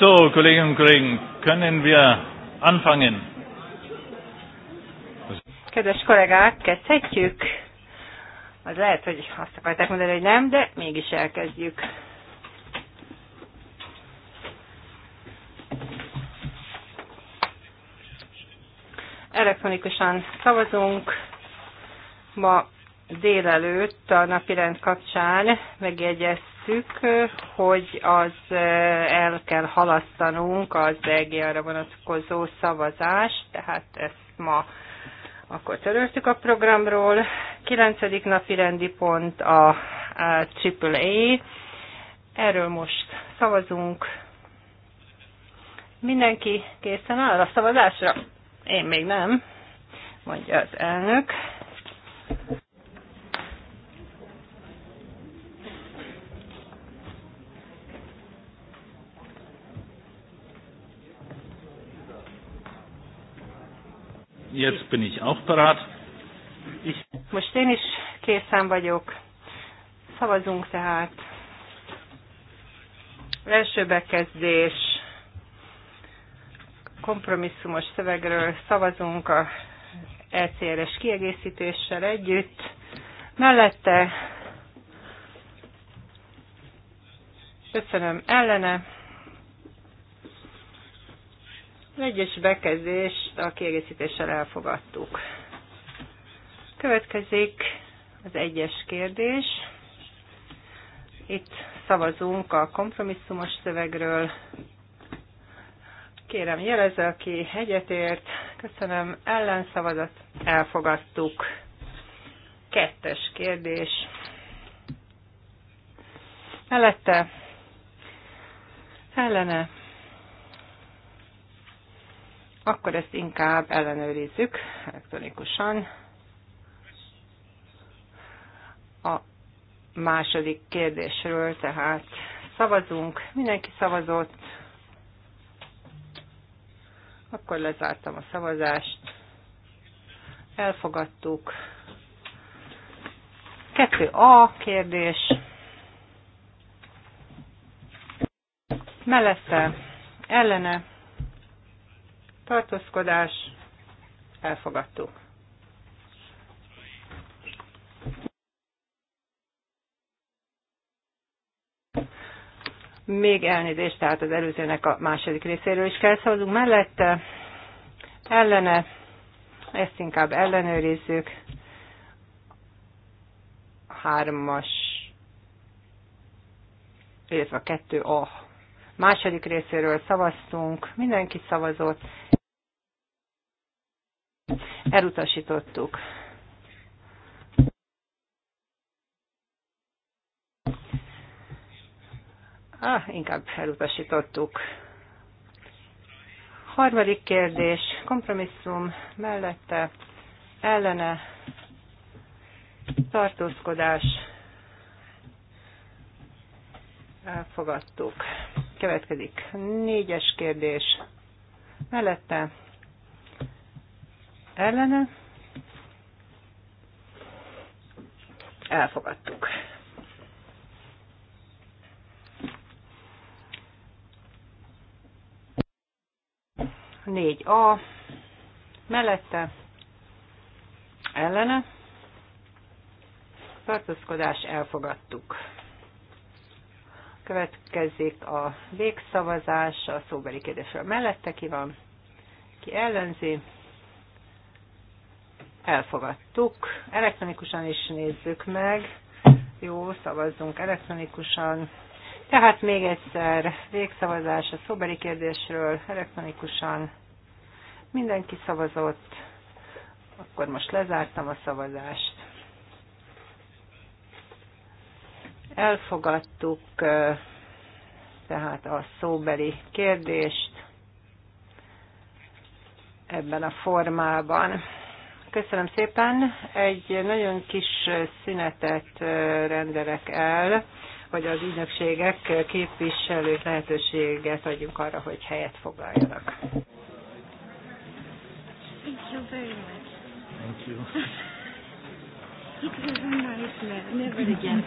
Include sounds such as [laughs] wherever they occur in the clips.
So, Kolleginnen und Kollegen, können wir anfangen? Kedves kollégák, kezdhetjük? Az lehet, hogy azt akarták mondani, hogy nem, de mégis elkezdjük. Elektronikusan szavazunk. Ma délelőtt a napirend kapcsán megjegyez éreztük, hogy az eh, el kell halasztanunk az EGR-ra vonatkozó szavazást, tehát ezt ma akkor töröltük a programról. 9. napi rendi pont a, a AAA. Erről most szavazunk. Mindenki készen áll a szavazásra? Én még nem, mondja az elnök. Jetzt bin ich auch bereit. Ich... Most én is készen vagyok. Szavazunk tehát. Első bekezdés. Kompromisszumos szövegről szavazunk a ECRS kiegészítéssel együtt. Mellette köszönöm ellene egyes bekezdés a kiegészítéssel elfogadtuk. Következik az egyes kérdés. Itt szavazunk a kompromisszumos szövegről. Kérem jelezze, aki egyetért. Köszönöm. Ellenszavazat elfogadtuk. Kettes kérdés. Mellette. Ellene akkor ezt inkább ellenőrizzük elektronikusan. A második kérdésről tehát szavazunk. Mindenki szavazott. Akkor lezártam a szavazást. Elfogadtuk. 2A kérdés. Mellette, ellene, tartózkodás, elfogadtuk. Még elnézést, tehát az előzőnek a második részéről is kell szavazunk mellette. Ellene, ezt inkább ellenőrizzük. Hármas, illetve a kettő A második részéről szavaztunk, mindenki szavazott, elutasítottuk. Ah, inkább elutasítottuk. Harmadik kérdés, kompromisszum mellette, ellene, tartózkodás, elfogadtuk következik. Négyes kérdés. Mellette. Ellene. Elfogadtuk. Négy A. Mellette. Ellene. Tartózkodás elfogadtuk. Következik a végszavazás, a szóbeli kérdésről mellette ki van, ki ellenzi. Elfogadtuk. Elektronikusan is nézzük meg. Jó, szavazzunk elektronikusan. Tehát még egyszer végszavazás a szóbeli kérdésről elektronikusan. Mindenki szavazott. Akkor most lezártam a szavazást. Elfogadtuk tehát a szóbeli kérdést ebben a formában. Köszönöm szépen. Egy nagyon kis szünetet rendelek el, hogy az ügynökségek képviselők lehetőséget adjunk arra, hogy helyet foglaljanak. Thank you very much. Thank you. [laughs] It was a nightmare. Never again.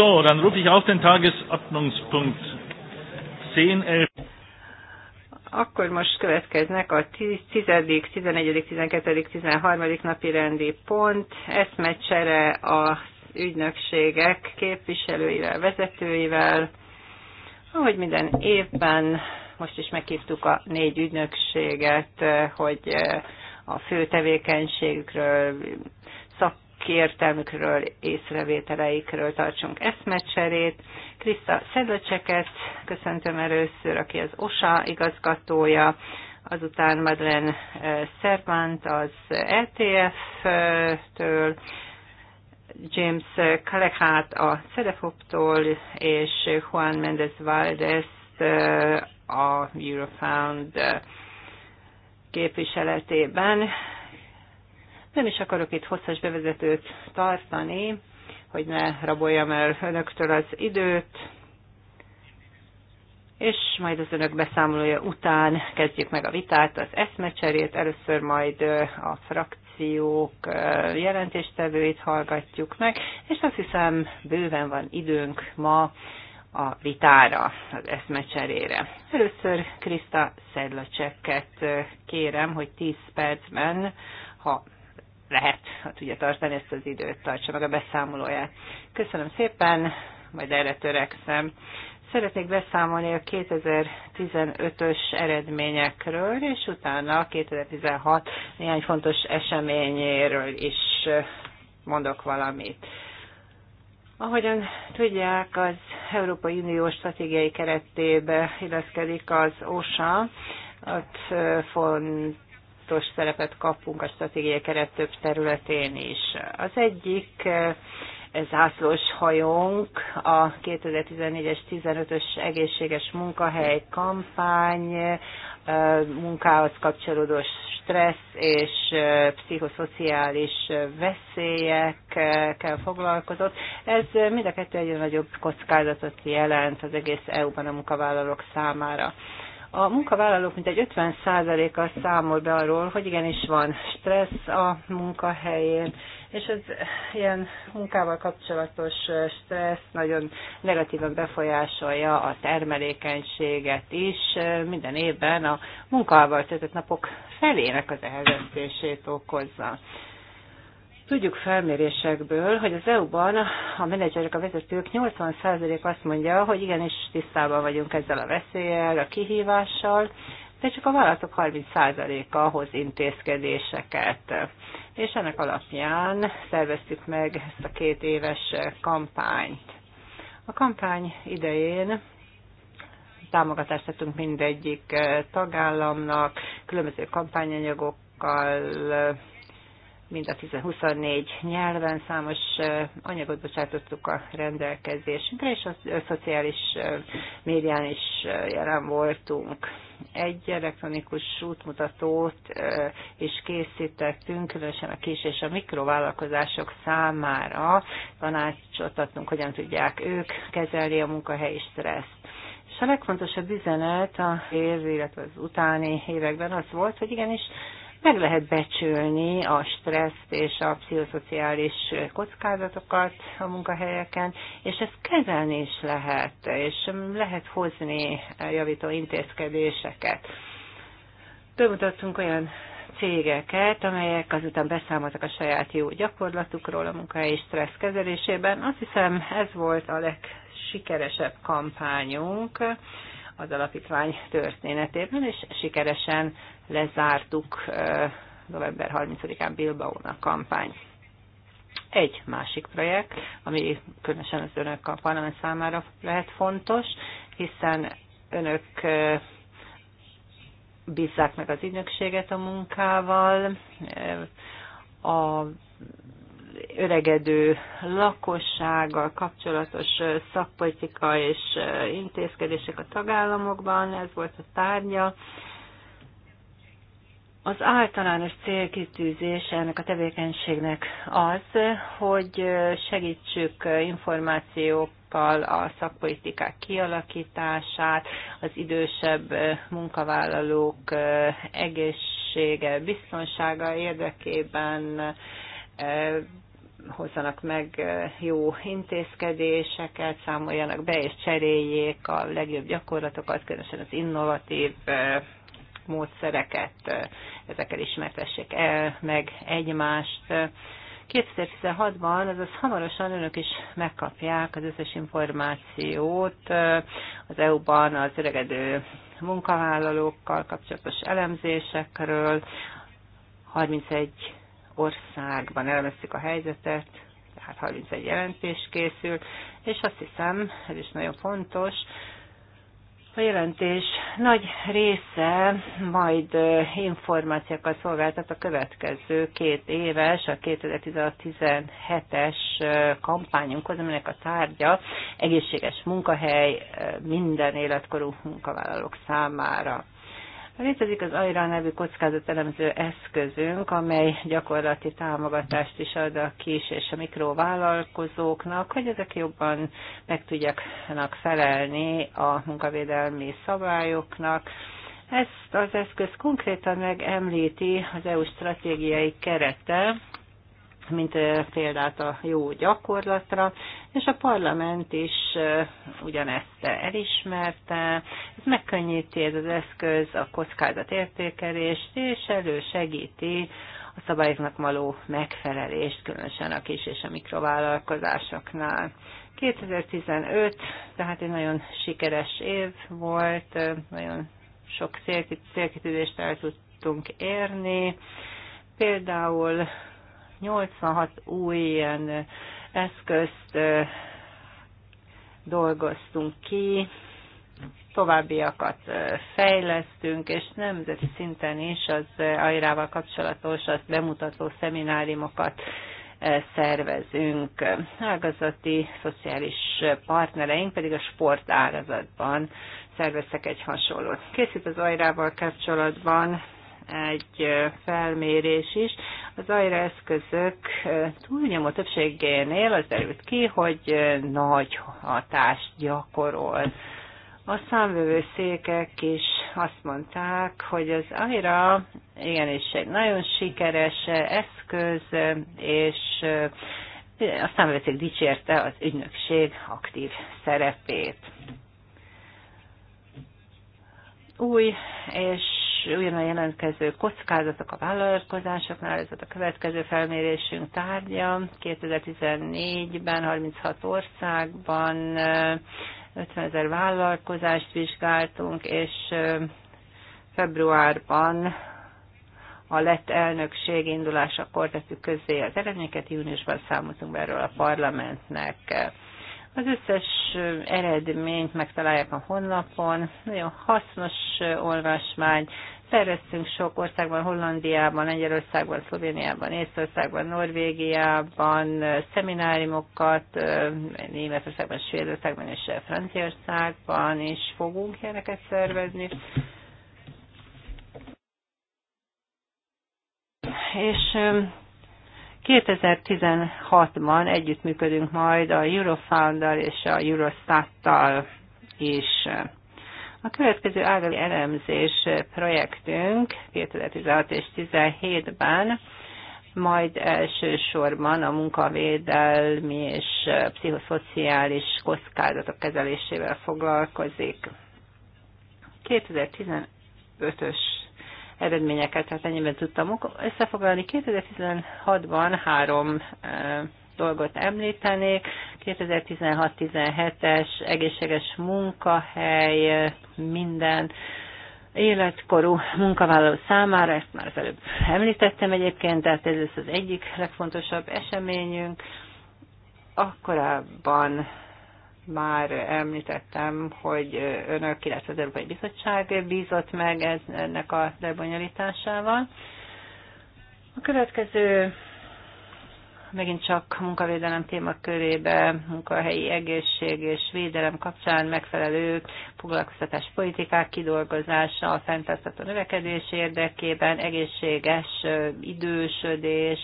So, dann rufe ich auf den Tagesordnungspunkt 10, 11. Akkor most következnek a 10., 11., 12., 13. napi rendi pont, eszmecsere a ügynökségek képviselőivel, vezetőivel. Ahogy minden évben, most is meghívtuk a négy ügynökséget, eh, hogy eh, a fő tevékenységükről kiértelmükről, észrevételeikről tartsunk eszmecserét. Krista Szedlöcseket köszöntöm először, aki az OSA igazgatója, azután Madlen eh, Szervant az ETF-től, James Kalehát a Cedefoptól, és Juan Mendez Valdez eh, a Eurofound eh, képviseletében. Nem is akarok itt hosszas bevezetőt tartani, hogy ne raboljam el önöktől az időt, és majd az önök beszámolója után kezdjük meg a vitát, az eszmecserét, először majd a frakciók jelentéstevőit hallgatjuk meg, és azt hiszem bőven van időnk ma a vitára, az eszmecserére. Először Krista Szedlacseket kérem, hogy 10 percben, ha lehet, ha tudja tartani ezt az időt, tartsa meg a beszámolóját. Köszönöm szépen, majd erre törekszem. Szeretnék beszámolni a 2015-ös eredményekről, és utána a 2016 néhány fontos eseményéről is mondok valamit. Ahogyan tudják, az Európai Unió stratégiai keretébe illeszkedik az OSA, ott font fontos szerepet kapunk a stratégiai keret több területén is. Az egyik eh, zászlós hajónk, a 2014-es 15-ös egészséges munkahely kampány, eh, munkához kapcsolódó stressz és eh, pszichoszociális veszélyekkel foglalkozott. Ez mind a kettő egyre nagyobb kockázatot jelent az egész EU-ban a munkavállalók számára. A munkavállalók mintegy 50%-a számol be arról, hogy igenis van stressz a munkahelyén, és ez ilyen munkával kapcsolatos stressz nagyon negatívan befolyásolja a termelékenységet is. Minden évben a munkával töltött napok felének az elvesztését okozza. Tudjuk felmérésekből, hogy az EU-ban a menedzserek, a vezetők 80% azt mondja, hogy igenis tisztában vagyunk ezzel a veszéllyel, a kihívással, de csak a vállalatok 30%-a hoz intézkedéseket. És ennek alapján szerveztük meg ezt a két éves kampányt. A kampány idején támogatást tettünk mindegyik tagállamnak, különböző kampányanyagokkal, mind a 1024 nyelven számos anyagot bocsátottuk a rendelkezésünkre, és a szociális médián is jelen voltunk. Egy elektronikus útmutatót is készítettünk, különösen a kis és a mikrovállalkozások számára tanácsot adtunk, hogyan tudják ők kezelni a munkahelyi stresszt. És a legfontosabb üzenet a év, illetve az utáni években az volt, hogy igenis meg lehet becsülni a stresszt és a pszichoszociális kockázatokat a munkahelyeken, és ezt kezelni is lehet, és lehet hozni javító intézkedéseket. Bemutattunk olyan cégeket, amelyek azután beszámoltak a saját jó gyakorlatukról a munkahelyi stressz kezelésében. Azt hiszem, ez volt a legsikeresebb kampányunk az alapítvány történetében, és sikeresen lezártuk november 30-án Bilbaón a kampány. Egy másik projekt, ami különösen az önök a parlament számára lehet fontos, hiszen önök bízzák meg az ügynökséget a munkával, a öregedő lakossággal kapcsolatos szakpolitika és intézkedések a tagállamokban, ez volt a tárgya. Az általános célkitűzés ennek a tevékenységnek az, hogy segítsük információkkal a szakpolitikák kialakítását, az idősebb munkavállalók egészsége, biztonsága érdekében hozzanak meg eh, jó intézkedéseket, számoljanak be és cseréljék a legjobb gyakorlatokat, különösen az innovatív eh, módszereket, eh, ezekkel ismertessék el, meg egymást. 2016-ban, azaz hamarosan önök is megkapják az összes információt az EU-ban az öregedő munkavállalókkal kapcsolatos elemzésekről, 31 országban elveszik a helyzetet, tehát 31 jelentés készült, és azt hiszem, ez is nagyon fontos, a jelentés nagy része majd információkat szolgáltat a következő két éves, a 2017-es kampányunkhoz, aminek a tárgya egészséges munkahely minden életkorú munkavállalók számára. Létezik az AIRA nevű elemző eszközünk, amely gyakorlati támogatást is ad a kis és a mikrovállalkozóknak, hogy ezek jobban meg tudjanak felelni a munkavédelmi szabályoknak. Ezt az eszköz konkrétan megemlíti az EU stratégiai kerete, mint példát a jó gyakorlatra, és a parlament is ugyanezt elismerte. Ez megkönnyíti ez az eszköz a értékelést, és elősegíti a szabályoknak való megfelelést, különösen a kis és a mikrovállalkozásoknál. 2015, tehát egy nagyon sikeres év volt, nagyon sok célkitűzést el tudtunk érni. Például 86 új ilyen eszközt dolgoztunk ki, továbbiakat fejlesztünk, és nemzeti szinten is az ajrával kapcsolatos az bemutató szemináriumokat szervezünk. Ágazati szociális partnereink pedig a sportágazatban szerveztek egy hasonlót. Készült az ajrával kapcsolatban egy felmérés is. Az AIRA eszközök túlnyomó többségénél az derült ki, hogy nagy hatást gyakorol. A székek is azt mondták, hogy az AIRA igenis egy nagyon sikeres eszköz, és a számvevőszék dicsérte az ügynökség aktív szerepét új és a jelentkező kockázatok a vállalkozásoknál, ez volt a következő felmérésünk tárgya. 2014-ben 36 országban 50 ezer vállalkozást vizsgáltunk, és februárban a lett elnökség indulásakor tettük közzé az eredményeket, júniusban számoltunk be erről a parlamentnek. Az összes eredményt megtalálják a honlapon, nagyon hasznos olvasmány, szerveztünk sok országban, Hollandiában, Lengyelországban, Szlovéniában, Észországban, Norvégiában szemináriumokat, Németországban, Svédországban és Franciaországban is fogunk ilyeneket szervezni. És 2016-ban együttműködünk majd a eurofound és a Eurostattal is. A következő ágazi elemzés projektünk 2016 és 2017-ben majd elsősorban a munkavédelmi és pszichoszociális kockázatok kezelésével foglalkozik. 2015-ös eredményeket, tehát ennyiben tudtam összefoglalni. 2016-ban három dolgot említenék. 2016-17-es egészséges munkahely, minden életkorú munkavállaló számára, ezt már az előbb említettem egyébként, tehát ez az egyik legfontosabb eseményünk. Akkorában már említettem, hogy önök, illetve az Európai Bizottság bízott meg ez, ennek a lebonyolításával. A következő megint csak munkavédelem témakörébe, munkahelyi egészség és védelem kapcsán megfelelő foglalkoztatás politikák kidolgozása a fenntartható növekedés érdekében, egészséges idősödés,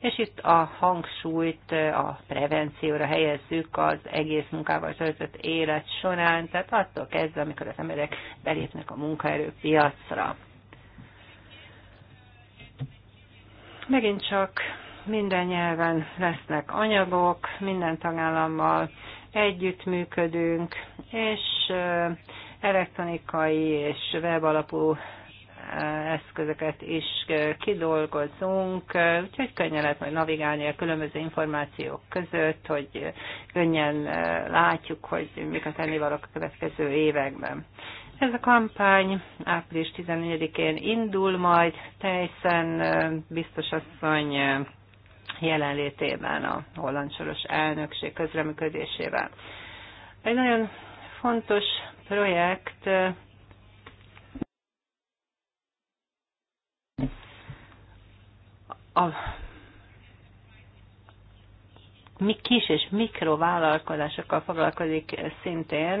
és itt a hangsúlyt a prevencióra helyezzük az egész munkával töltött élet során, tehát attól kezdve, amikor az emberek belépnek a munkaerőpiacra. Megint csak minden nyelven lesznek anyagok, minden tagállammal együttműködünk, és elektronikai és webalapú eszközöket is kidolgozunk, úgyhogy könnyen lehet majd navigálni a különböző információk között, hogy könnyen látjuk, hogy mik a tennivalók a következő években. Ez a kampány április 14-én indul majd, teljesen biztos asszony jelenlétében, a holland soros elnökség közreműködésével. Egy nagyon fontos projekt a kis és mikrovállalkozásokkal foglalkozik szintén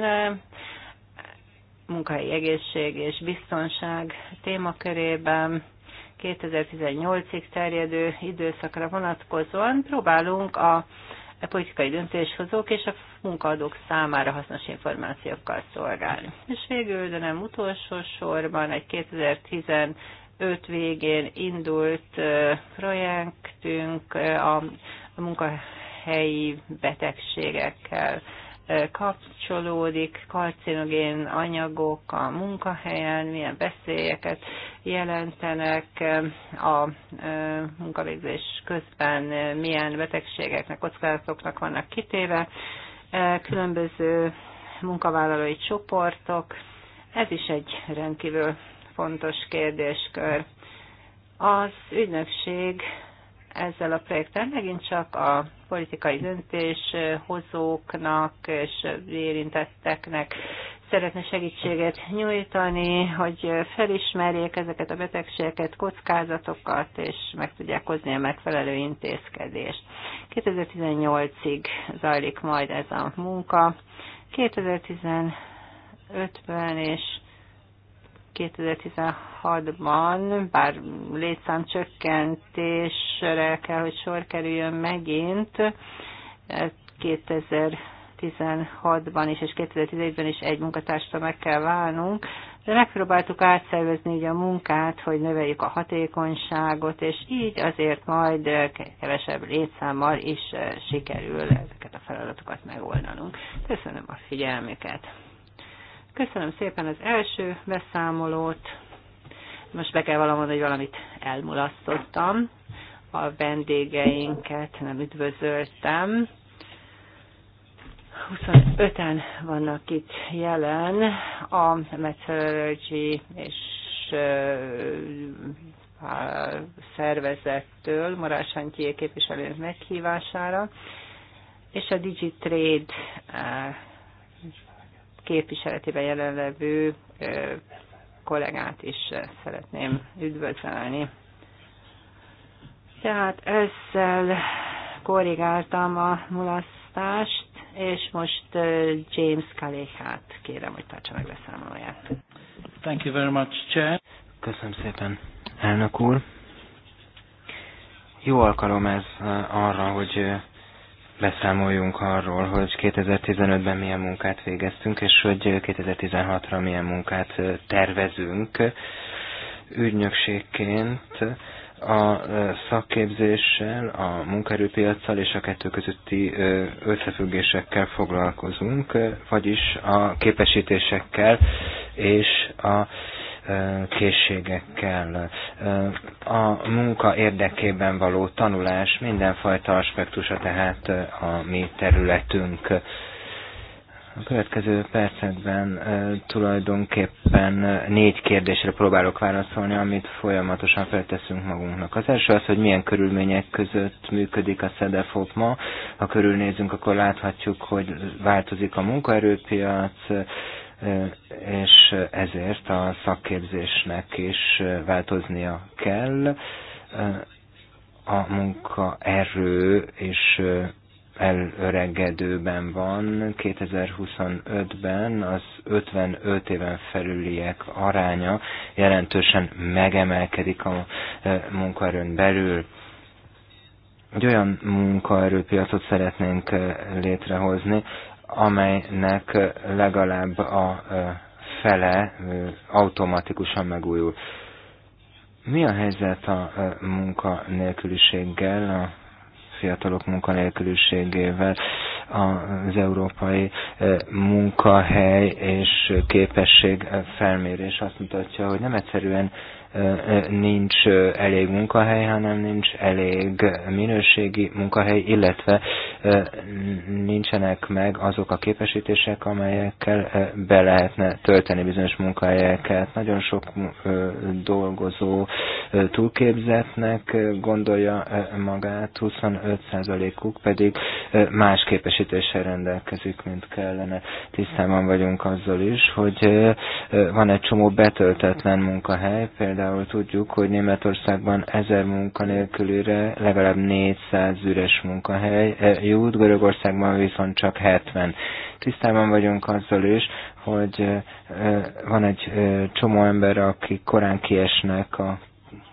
munkahelyi egészség és biztonság témakörében 2018-ig terjedő időszakra vonatkozóan próbálunk a a politikai döntéshozók és a munkaadók számára hasznos információkkal szolgálni. És végül, de nem utolsó sorban, egy 2015 végén indult projektünk a munkahelyi betegségekkel kapcsolódik, karcinogén anyagok a munkahelyen, milyen veszélyeket jelentenek a munkavégzés közben, milyen betegségeknek, kockázatoknak vannak kitéve, különböző munkavállalói csoportok. Ez is egy rendkívül fontos kérdéskör. Az ügynökség ezzel a projekttel megint csak a politikai döntéshozóknak és érintetteknek szeretne segítséget nyújtani, hogy felismerjék ezeket a betegségeket, kockázatokat, és meg tudják hozni a megfelelő intézkedést. 2018-ig zajlik majd ez a munka. 2015-ben és 2016-ban, bár létszámcsökkentésre kell, hogy sor kerüljön megint, 2016-ban is és 2011-ben is egy munkatársra meg kell válnunk, de megpróbáltuk átszervezni így a munkát, hogy növeljük a hatékonyságot, és így azért majd kevesebb létszámmal is sikerül ezeket a feladatokat megoldanunk. Köszönöm a figyelmüket! Köszönöm szépen az első beszámolót. Most be kell valamon, hogy valamit elmulasztottam. A vendégeinket nem üdvözöltem. 25-en vannak itt jelen a Metallurgy és a szervezettől, Marásantjé képviselőnek meghívására, és a Digitrade képviseletében jelenlevő kollégát is szeretném üdvözölni. Tehát ezzel korrigáltam a mulasztást, és most James Kalékát kérem, hogy tartsa meg leszámolóját. Thank you very much, Chair. Köszönöm szépen, elnök úr. Jó alkalom ez arra, hogy beszámoljunk arról, hogy 2015-ben milyen munkát végeztünk, és hogy 2016-ra milyen munkát tervezünk. Ügynökségként a szakképzéssel, a munkaerőpiacsal és a kettő közötti összefüggésekkel foglalkozunk, vagyis a képesítésekkel és a készségekkel. A munka érdekében való tanulás mindenfajta aspektusa tehát a mi területünk. A következő percekben tulajdonképpen négy kérdésre próbálok válaszolni, amit folyamatosan felteszünk magunknak. Az első az, hogy milyen körülmények között működik a SEDEFOP ma. Ha körülnézünk, akkor láthatjuk, hogy változik a munkaerőpiac, és ezért a szakképzésnek is változnia kell. A munkaerő és elöregedőben van. 2025-ben az 55 éven felüliek aránya jelentősen megemelkedik a munkaerőn belül. Egy olyan munkaerőpiacot szeretnénk létrehozni, amelynek legalább a fele automatikusan megújul. Mi a helyzet a munkanélküliséggel, a fiatalok munkanélküliségével? az európai munkahely és képesség felmérés azt mutatja, hogy nem egyszerűen nincs elég munkahely, hanem nincs elég minőségi munkahely, illetve nincsenek meg azok a képesítések, amelyekkel be lehetne tölteni bizonyos munkahelyeket. Nagyon sok dolgozó túlképzetnek gondolja magát, 25%-uk pedig más képesítéseket képesítéssel rendelkezik, mint kellene. Tisztában vagyunk azzal is, hogy van egy csomó betöltetlen munkahely, például tudjuk, hogy Németországban ezer munkanélkülire legalább 400 üres munkahely jut, Görögországban viszont csak 70. Tisztában vagyunk azzal is, hogy van egy csomó ember, aki korán kiesnek a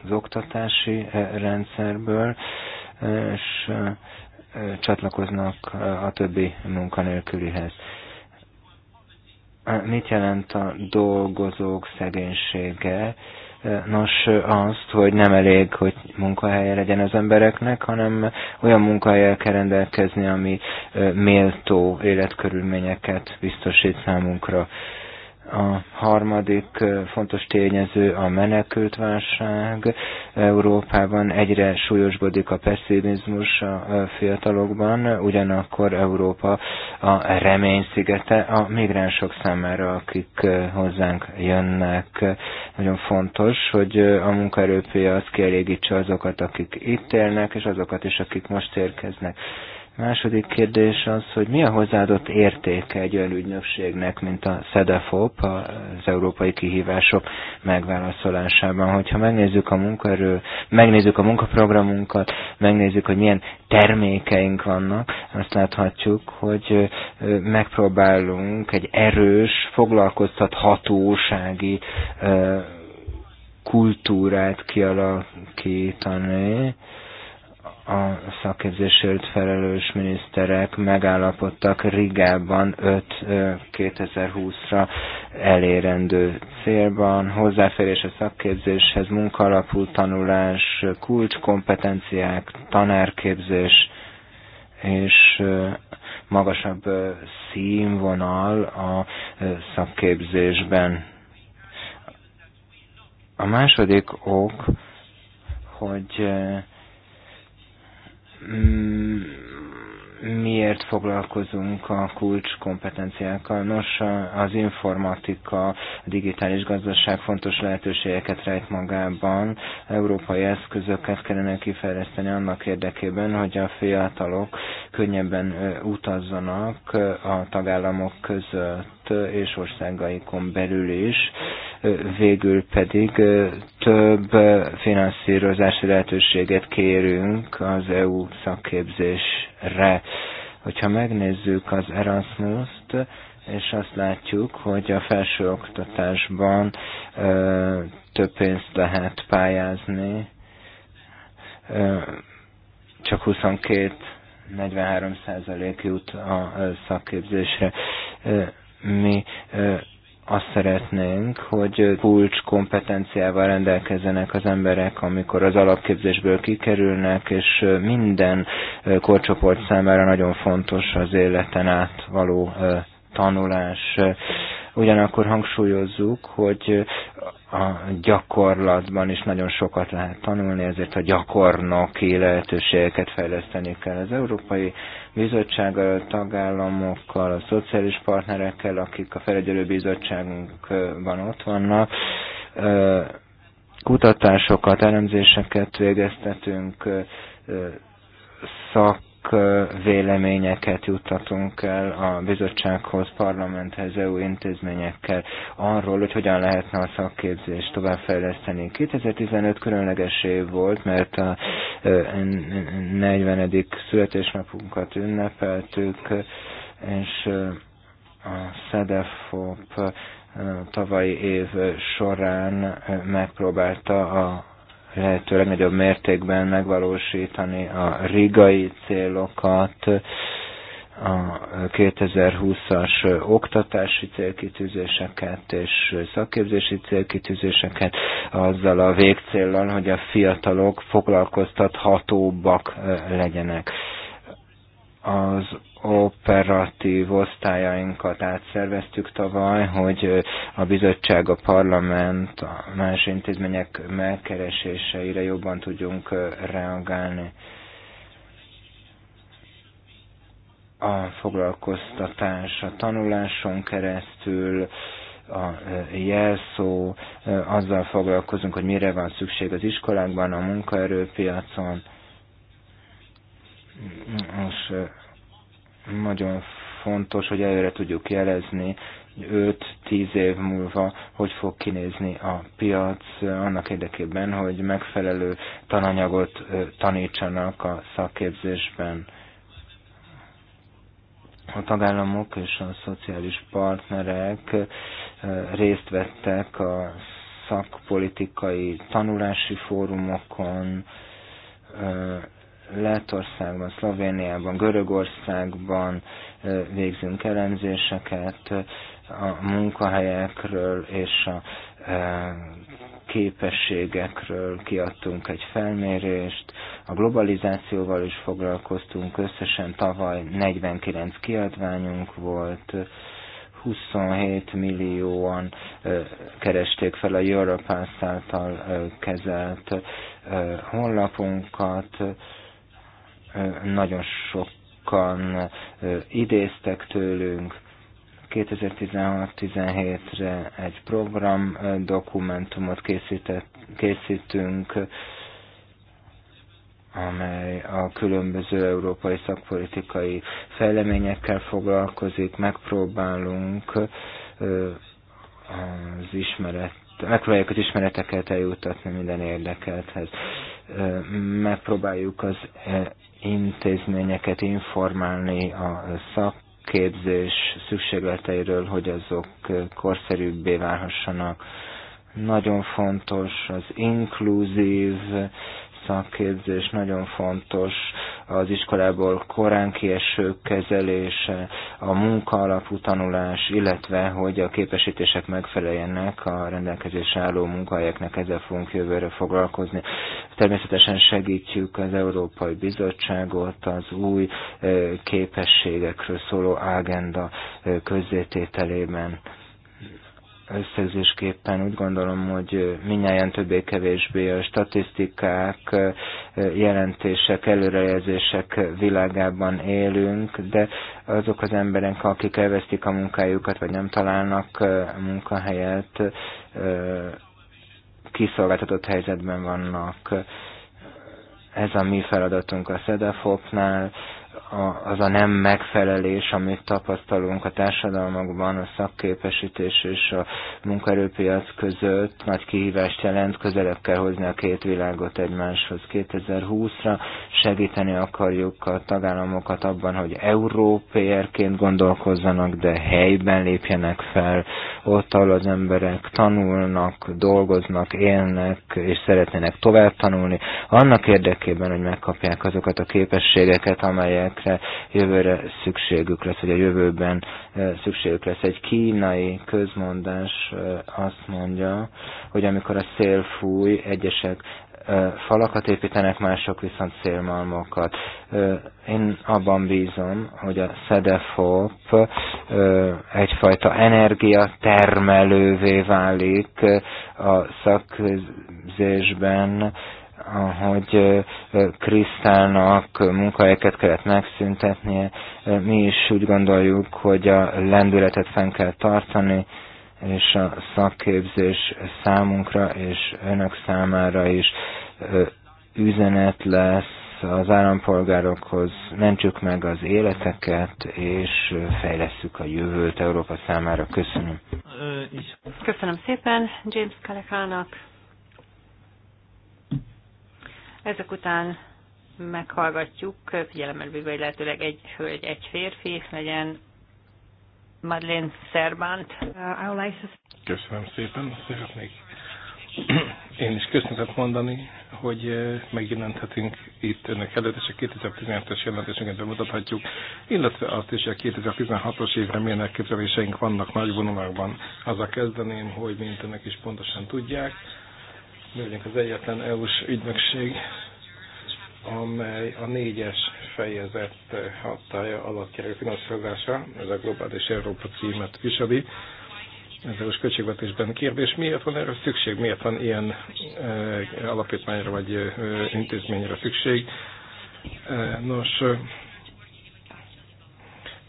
az oktatási rendszerből, és csatlakoznak a többi munkanélkülihez. Mit jelent a dolgozók szegénysége? Nos, azt, hogy nem elég, hogy munkahelye legyen az embereknek, hanem olyan munkahelyel kell rendelkezni, ami méltó életkörülményeket biztosít számunkra a harmadik fontos tényező a menekültválság. Európában egyre súlyosbodik a pessimizmus a fiatalokban, ugyanakkor Európa a remény szigete a migránsok számára, akik hozzánk jönnek. Nagyon fontos, hogy a munkaerőpiac kielégítse azokat, akik itt élnek, és azokat is, akik most érkeznek második kérdés az, hogy mi a hozzáadott értéke egy olyan ügynökségnek, mint a SEDEFOP, az európai kihívások megválaszolásában. Hogyha megnézzük a munkaerő, megnézzük a munkaprogramunkat, megnézzük, hogy milyen termékeink vannak, azt láthatjuk, hogy megpróbálunk egy erős, foglalkoztathatósági kultúrát kialakítani, a szakképzésért felelős miniszterek megállapodtak Rigában 5 2020-ra elérendő célban. Hozzáférés a szakképzéshez, munkalapú tanulás, kulcskompetenciák, tanárképzés és magasabb színvonal a szakképzésben. A második ok, hogy Mm, miért foglalkozunk a kulcs kompetenciákkal? Nos, az informatika, a digitális gazdaság fontos lehetőségeket rejt magában. Európai eszközöket kellene kifejleszteni annak érdekében, hogy a fiatalok könnyebben utazzanak a tagállamok között és országaikon belül is. Végül pedig több finanszírozási lehetőséget kérünk az EU szakképzésre. Hogyha megnézzük az Erasmus-t, és azt látjuk, hogy a felsőoktatásban ö, több pénzt lehet pályázni, ö, csak 22 43 százalék jut a szakképzésre mi azt szeretnénk, hogy kulcs kompetenciával rendelkezzenek az emberek, amikor az alapképzésből kikerülnek, és minden korcsoport számára nagyon fontos az életen át való tanulás. Ugyanakkor hangsúlyozzuk, hogy a gyakorlatban is nagyon sokat lehet tanulni, ezért a gyakornoki lehetőségeket fejleszteni kell. Az Európai bizottsággal, a tagállamokkal, a szociális partnerekkel, akik a felegyelő bizottságunkban ott vannak. Kutatásokat, elemzéseket végeztetünk, szak véleményeket juttatunk el a bizottsághoz, parlamenthez, EU intézményekkel arról, hogy hogyan lehetne a szakképzést továbbfejleszteni. 2015 különleges év volt, mert a 40. születésnapunkat ünnepeltük, és a SEDEFOP tavalyi év során megpróbálta a lehető legnagyobb mértékben megvalósítani a rigai célokat, a 2020-as oktatási célkitűzéseket és szakképzési célkitűzéseket azzal a végcéllal, hogy a fiatalok foglalkoztathatóbbak eh, legyenek. Az operatív osztályainkat átszerveztük tavaly, hogy a bizottság, a parlament, a más intézmények megkereséseire jobban tudjunk reagálni. A foglalkoztatás a tanuláson keresztül, a jelszó, azzal foglalkozunk, hogy mire van szükség az iskolákban, a munkaerőpiacon, és nagyon fontos, hogy előre tudjuk jelezni, 5-10 év múlva hogy fog kinézni a piac annak érdekében, hogy megfelelő tananyagot tanítsanak a szakképzésben. A tagállamok és a szociális partnerek részt vettek a szakpolitikai tanulási fórumokon, Lettországban, Szlovéniában, Görögországban végzünk elemzéseket a munkahelyekről és a képességekről kiadtunk egy felmérést, a globalizációval is foglalkoztunk, összesen tavaly 49 kiadványunk volt, 27 millióan keresték fel a Europass által kezelt honlapunkat, nagyon sokan idéztek tőlünk. 2016-17-re egy program dokumentumot készítünk, amely a különböző európai szakpolitikai fejleményekkel foglalkozik. Megpróbálunk az ismeret megpróbáljuk az ismereteket eljutatni minden érdekelthez. Megpróbáljuk az e, intézményeket informálni a szak képzés szükségleteiről, hogy azok korszerűbbé válhassanak. Nagyon fontos az inkluzív szakképzés nagyon fontos, az iskolából korán kiesők kezelése, a munka alapú tanulás, illetve hogy a képesítések megfeleljenek a rendelkezés álló munkahelyeknek, ezzel fogunk jövőre foglalkozni. Természetesen segítjük az Európai Bizottságot az új képességekről szóló ágenda közzétételében összegzésképpen úgy gondolom, hogy minnyáján többé-kevésbé a statisztikák, jelentések, előrejelzések világában élünk, de azok az emberek, akik elvesztik a munkájukat, vagy nem találnak munkahelyet, kiszolgáltatott helyzetben vannak. Ez a mi feladatunk a SZEDEFOP-nál, az a nem megfelelés, amit tapasztalunk a társadalmakban, a szakképesítés és a munkaerőpiac között nagy kihívást jelent, közelebb kell hozni a két világot egymáshoz. 2020-ra segíteni akarjuk a tagállamokat abban, hogy európérként gondolkozzanak, de helyben lépjenek fel, ott, ahol az emberek tanulnak, dolgoznak, élnek, és szeretnének tovább tanulni, annak érdekében, hogy megkapják azokat a képességeket, amelyek amikre jövőre szükségük lesz, vagy a jövőben eh, szükségük lesz. Egy kínai közmondás eh, azt mondja, hogy amikor a szél fúj, egyesek eh, falakat építenek, mások viszont szélmalmokat. Én abban bízom, hogy a SZEDEFOP egyfajta energiatermelővé válik a szakközésben, ahogy Krisztának munkahelyeket kellett megszüntetnie. Mi is úgy gondoljuk, hogy a lendületet fenn kell tartani, és a szakképzés számunkra és önök számára is üzenet lesz az állampolgárokhoz, mentsük meg az életeket, és fejlesszük a jövőt Európa számára. Köszönöm. Köszönöm szépen James Kalekának. Ezek után meghallgatjuk, figyelemmel bűvő, hogy lehetőleg egy hölgy, egy férfi legyen, Madeleine Szerbánt. Uh, Köszönöm szépen, szeretnék [clears throat] én is köszönetet mondani, hogy uh, megjelenthetünk itt önök előtt, és a 2017-es jelentésünket bemutathatjuk, illetve azt is, hogy a 2016-os évre milyen elképzeléseink vannak nagy vonalakban. Azzal kezdeném, hogy mint önök is pontosan tudják, mi az egyetlen EU-s ügynökség, amely a négyes fejezet hatája alatt kerül finanszírozásra, ez a Globális Európa címet viseli. Ez EU-s költségvetésben kérdés, miért van erre szükség, miért van ilyen e, alapítványra vagy e, intézményre szükség. E, nos,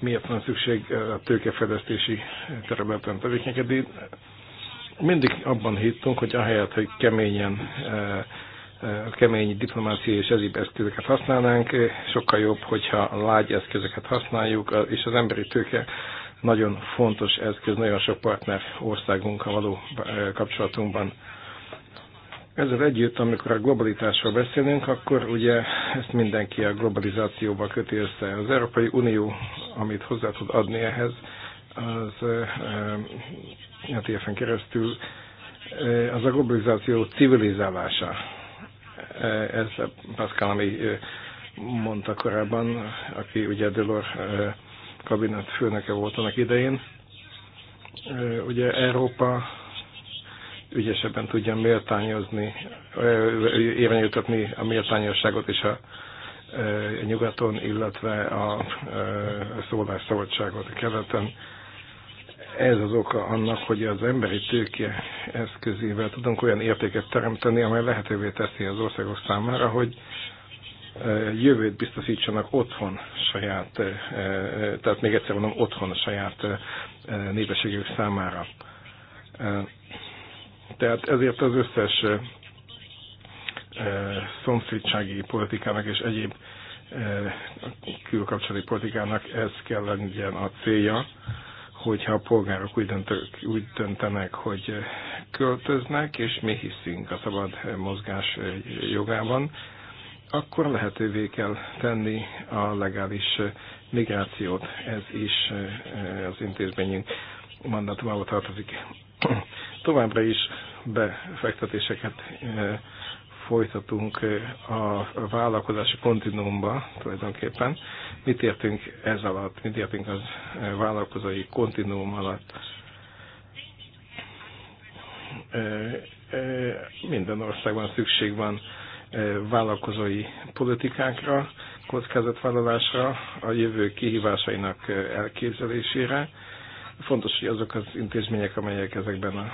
miért van szükség a tőkefejlesztési területen tevékenykedni? mindig abban hittünk, hogy ahelyett, hogy keményen eh, eh, kemény diplomáciai és ezéb eszközöket használnánk, eh, sokkal jobb, hogyha lágy eszközöket használjuk, és az emberi tőke nagyon fontos eszköz nagyon sok partner országunkkal való kapcsolatunkban. Ezzel együtt, amikor a globalitásról beszélünk, akkor ugye ezt mindenki a globalizációba köti össze. Az Európai Unió, amit hozzá tud adni ehhez, az ETF-en keresztül, eh, az a globalizáció civilizálása. Eh, ez Pascal, ami eh, mondta korábban, aki ugye Delor kabinet főnöke volt annak idején. Ugye Európa ügyesebben tudja méltányozni, érvényültetni a méltányosságot és a nyugaton, illetve a szólásszabadságot a keleten ez az oka annak, hogy az emberi tőke eszközével tudunk olyan értéket teremteni, amely lehetővé teszi az országok számára, hogy e, jövőt biztosítsanak otthon saját, e, e, tehát még egyszer mondom, otthon saját népességük számára. Tehát ezért az összes szomszédsági politikának és egyéb külkapcsolati politikának ez kell legyen a célja, hogyha a polgárok úgy, döntök, úgy döntenek, hogy költöznek, és mi hiszünk a szabad mozgás jogában, akkor lehetővé kell tenni a legális migrációt. Ez is eh, az intézményünk mandatumába tartozik. Továbbra is befektetéseket eh, folytatunk a vállalkozási kontinuumba tulajdonképpen. Mit értünk ez alatt, mit értünk az vállalkozói kontinuum alatt? Minden országban szükség van vállalkozói politikákra, kockázatvállalásra, a jövő kihívásainak elképzelésére. Fontos, hogy azok az intézmények, amelyek ezekben a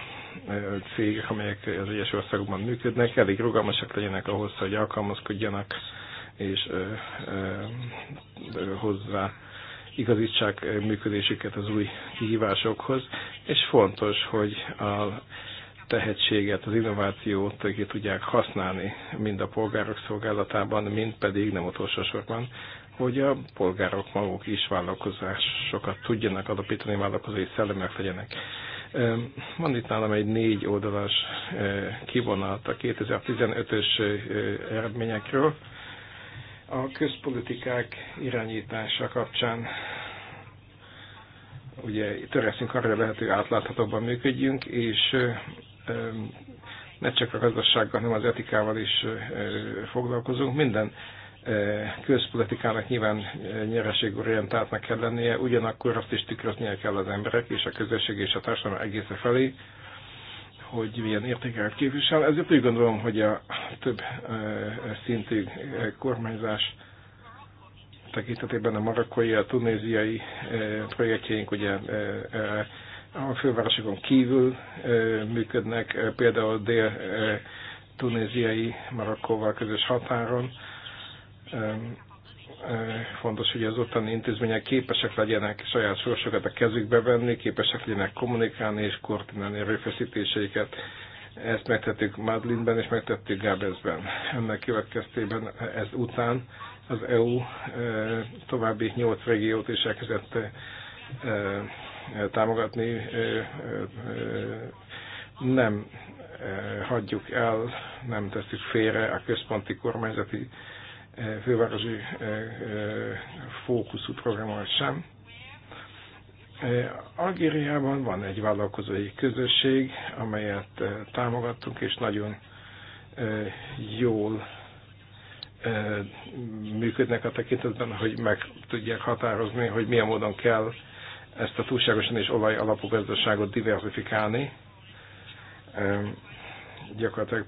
cégek, amelyek az egyes országokban működnek, elég rugalmasak legyenek ahhoz, hogy alkalmazkodjanak és hozzá igazítsák működésüket az új kihívásokhoz, és fontos, hogy a tehetséget, az innovációt ki tudják használni mind a polgárok szolgálatában, mind pedig nem utolsó sorban, hogy a polgárok maguk is vállalkozásokat tudjanak alapítani, vállalkozói szellemek legyenek. Van itt nálam egy négy oldalas eh, kivonat a 2015-ös eh, eredményekről. A közpolitikák irányítása kapcsán ugye törekszünk arra lehető átláthatóban működjünk, és eh, ne csak a gazdasággal, hanem az etikával is foglalkozunk. Minden Eh, közpolitikának nyilván eh, nyereségorientáltnak kell lennie, ugyanakkor azt is tükröznie kell az emberek és a közösség és a társadalom egésze felé, hogy milyen értékeket képvisel. Ezért úgy gondolom, hogy a több eh, szintű kormányzás tekintetében a marokkói, a tunéziai projektjeink ugye a fővárosokon kívül működnek, például dél tunéziai Marokkóval közös határon, fontos, hogy az ottani intézmények képesek legyenek saját sorsokat a kezükbe venni, képesek legyenek kommunikálni és koordinálni erőfeszítéseiket. Ezt megtettük Madlinben és megtettük Gábezben. Ennek következtében ez után az EU e, további nyolc régiót is elkezdett e, e, támogatni. Nem hagyjuk el, nem tesszük félre a központi kormányzati fővárosi eh, eh, fókuszú programmal sem. Eh, Algériában van egy vállalkozói közösség, amelyet támogattunk, és nagyon jól működnek a tekintetben, hogy meg tudják határozni, hogy milyen módon kell ezt a túlságosan és olaj alapú gazdaságot diversifikálni gyakorlatilag,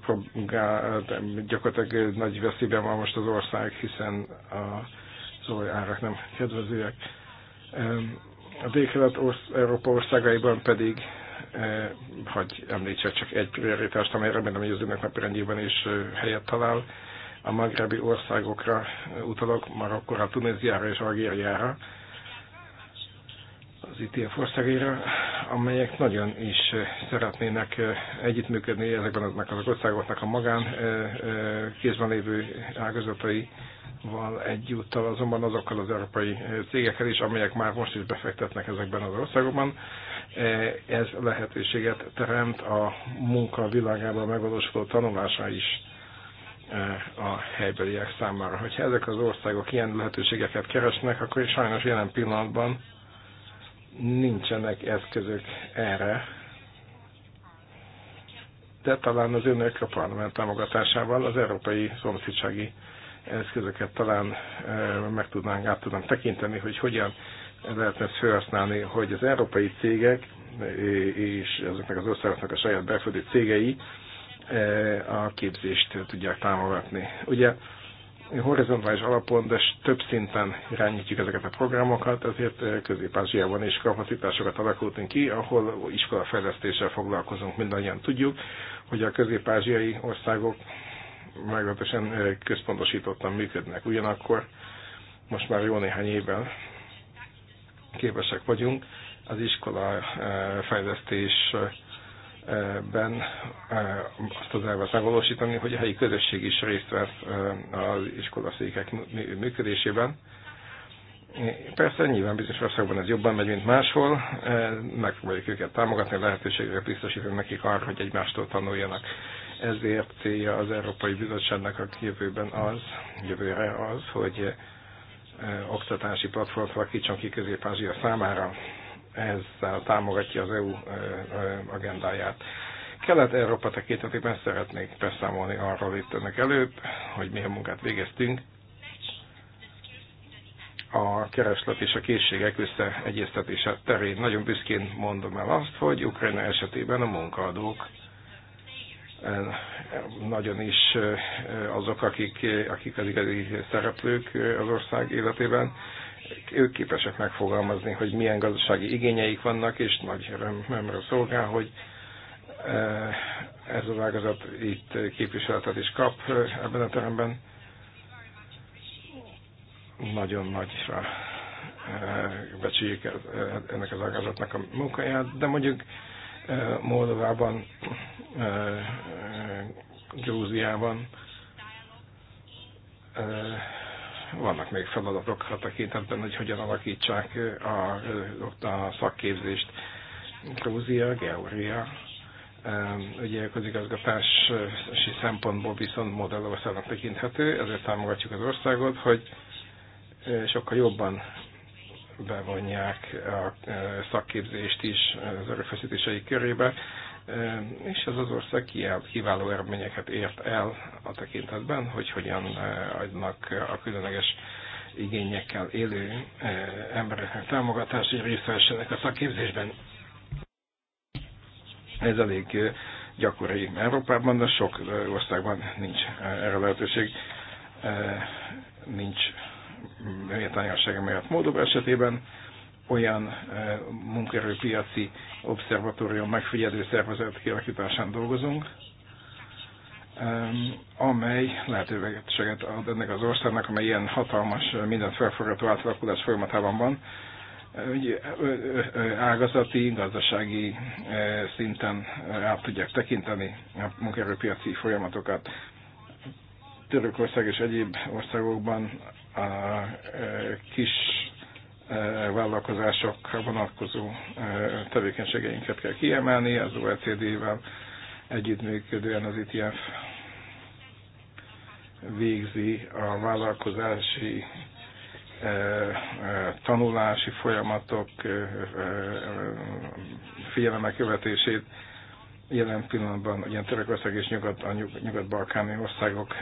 eh, gyakorlatilag nagy veszélyben van most az ország, hiszen az árak nem kedvezőek. A délkelet Európa országaiban pedig, hogy eh, említsek csak egy prioritást, amely remélem, hogy az önök napirendjében is eh, helyet talál, a magrebi országokra utalok, Marokkora, Tunéziára és Algériára, az ITF országaira, amelyek nagyon is eh, szeretnének eh, együttműködni ezekben aznak az országoknak a magán eh, kézben lévő ágazataival egyúttal, azonban azokkal az európai cégekkel is, amelyek már most is befektetnek ezekben az országokban. Ez lehetőséget teremt a munka világában megvalósuló tanulása is a helybeliek számára. Hogyha ezek az országok ilyen lehetőségeket keresnek, akkor sajnos jelen pillanatban nincsenek eszközök erre, de talán az önök a parlament támogatásával az európai szomszédsági eszközöket talán meg tudnánk, át tudnám tekinteni, hogy hogyan lehetne ezt felhasználni, hogy az európai cégek és ezeknek az országoknak a saját belföldi cégei a képzést tudják támogatni. Ugye horizontális alapon, de több szinten irányítjuk ezeket a programokat, ezért eh, Közép-Ázsiában is kapacitásokat alakultunk ki, ahol iskolafejlesztéssel foglalkozunk, mindannyian tudjuk, hogy a közép-ázsiai országok meglehetősen eh, központosítottan működnek. Ugyanakkor most már jó néhány évvel képesek vagyunk az iskola eh, fejlesztés ben azt az elvet megvalósítani, hogy a helyi közösség is részt vesz az iskolaszékek működésében. Persze nyilván bizonyos országban ez jobban megy, mint máshol. meg fogjuk őket támogatni, lehetőségeket biztosítani nekik arra, hogy egymástól tanuljanak. Ezért célja az Európai Bizottságnak a jövőben az, jövőre az, hogy oktatási platformot alakítson ki Közép-Ázsia számára ezzel támogatja az EU e, e, agendáját. Kelet-Európa tekintetében szeretnék beszámolni arról itt önök előbb, hogy milyen munkát végeztünk. A kereslet és a készségek összeegyeztetése terén nagyon büszkén mondom el azt, hogy Ukrajna esetében a munkaadók e, nagyon is azok, akik, akik az igazi szereplők az ország életében, ők képesek megfogalmazni, hogy milyen gazdasági igényeik vannak, és nagy örömmel szolgál, hogy e, ez az ágazat itt képviseletet is kap e, ebben a teremben. Nagyon nagyra e, becsüljük ennek az ágazatnak a munkáját, de mondjuk Moldovában, Grúziában vannak még feladatok hát a tekintetben, hogy hogyan alakítsák a, ott a szakképzést. Grúzia, Georgia, ugye az igazgatási szempontból viszont modellországnak tekinthető, ezért támogatjuk az országot, hogy sokkal jobban bevonják a szakképzést is az erőfeszítései körébe, és ez az ország kiváló eredményeket ért el a tekintetben, hogy hogyan adnak a különleges igényekkel élő embereknek támogatást, hogy részt vessenek a szakképzésben. Ez elég gyakori Európában, de sok országban nincs erre lehetőség, nincs méltányosság mm, miatt Moldova esetében olyan munkaerőpiaci obszervatórium megfigyelő szervezet kialakításán dolgozunk, amely lehetőséget ad ennek az országnak, amely ilyen hatalmas, mindent felforgató átalakulás folyamatában van, ágazati, gazdasági szinten át tudják tekinteni a munkaerőpiaci folyamatokat. Törökország és egyéb országokban a kis E, vállalkozásokra vonatkozó e, tevékenységeinket kell kiemelni, az OECD-vel együttműködően az ITF végzi a vállalkozási e, tanulási folyamatok figyelemek követését. Jelen pillanatban ilyen Törökország és Nyugat, a nyugat-balkáni országok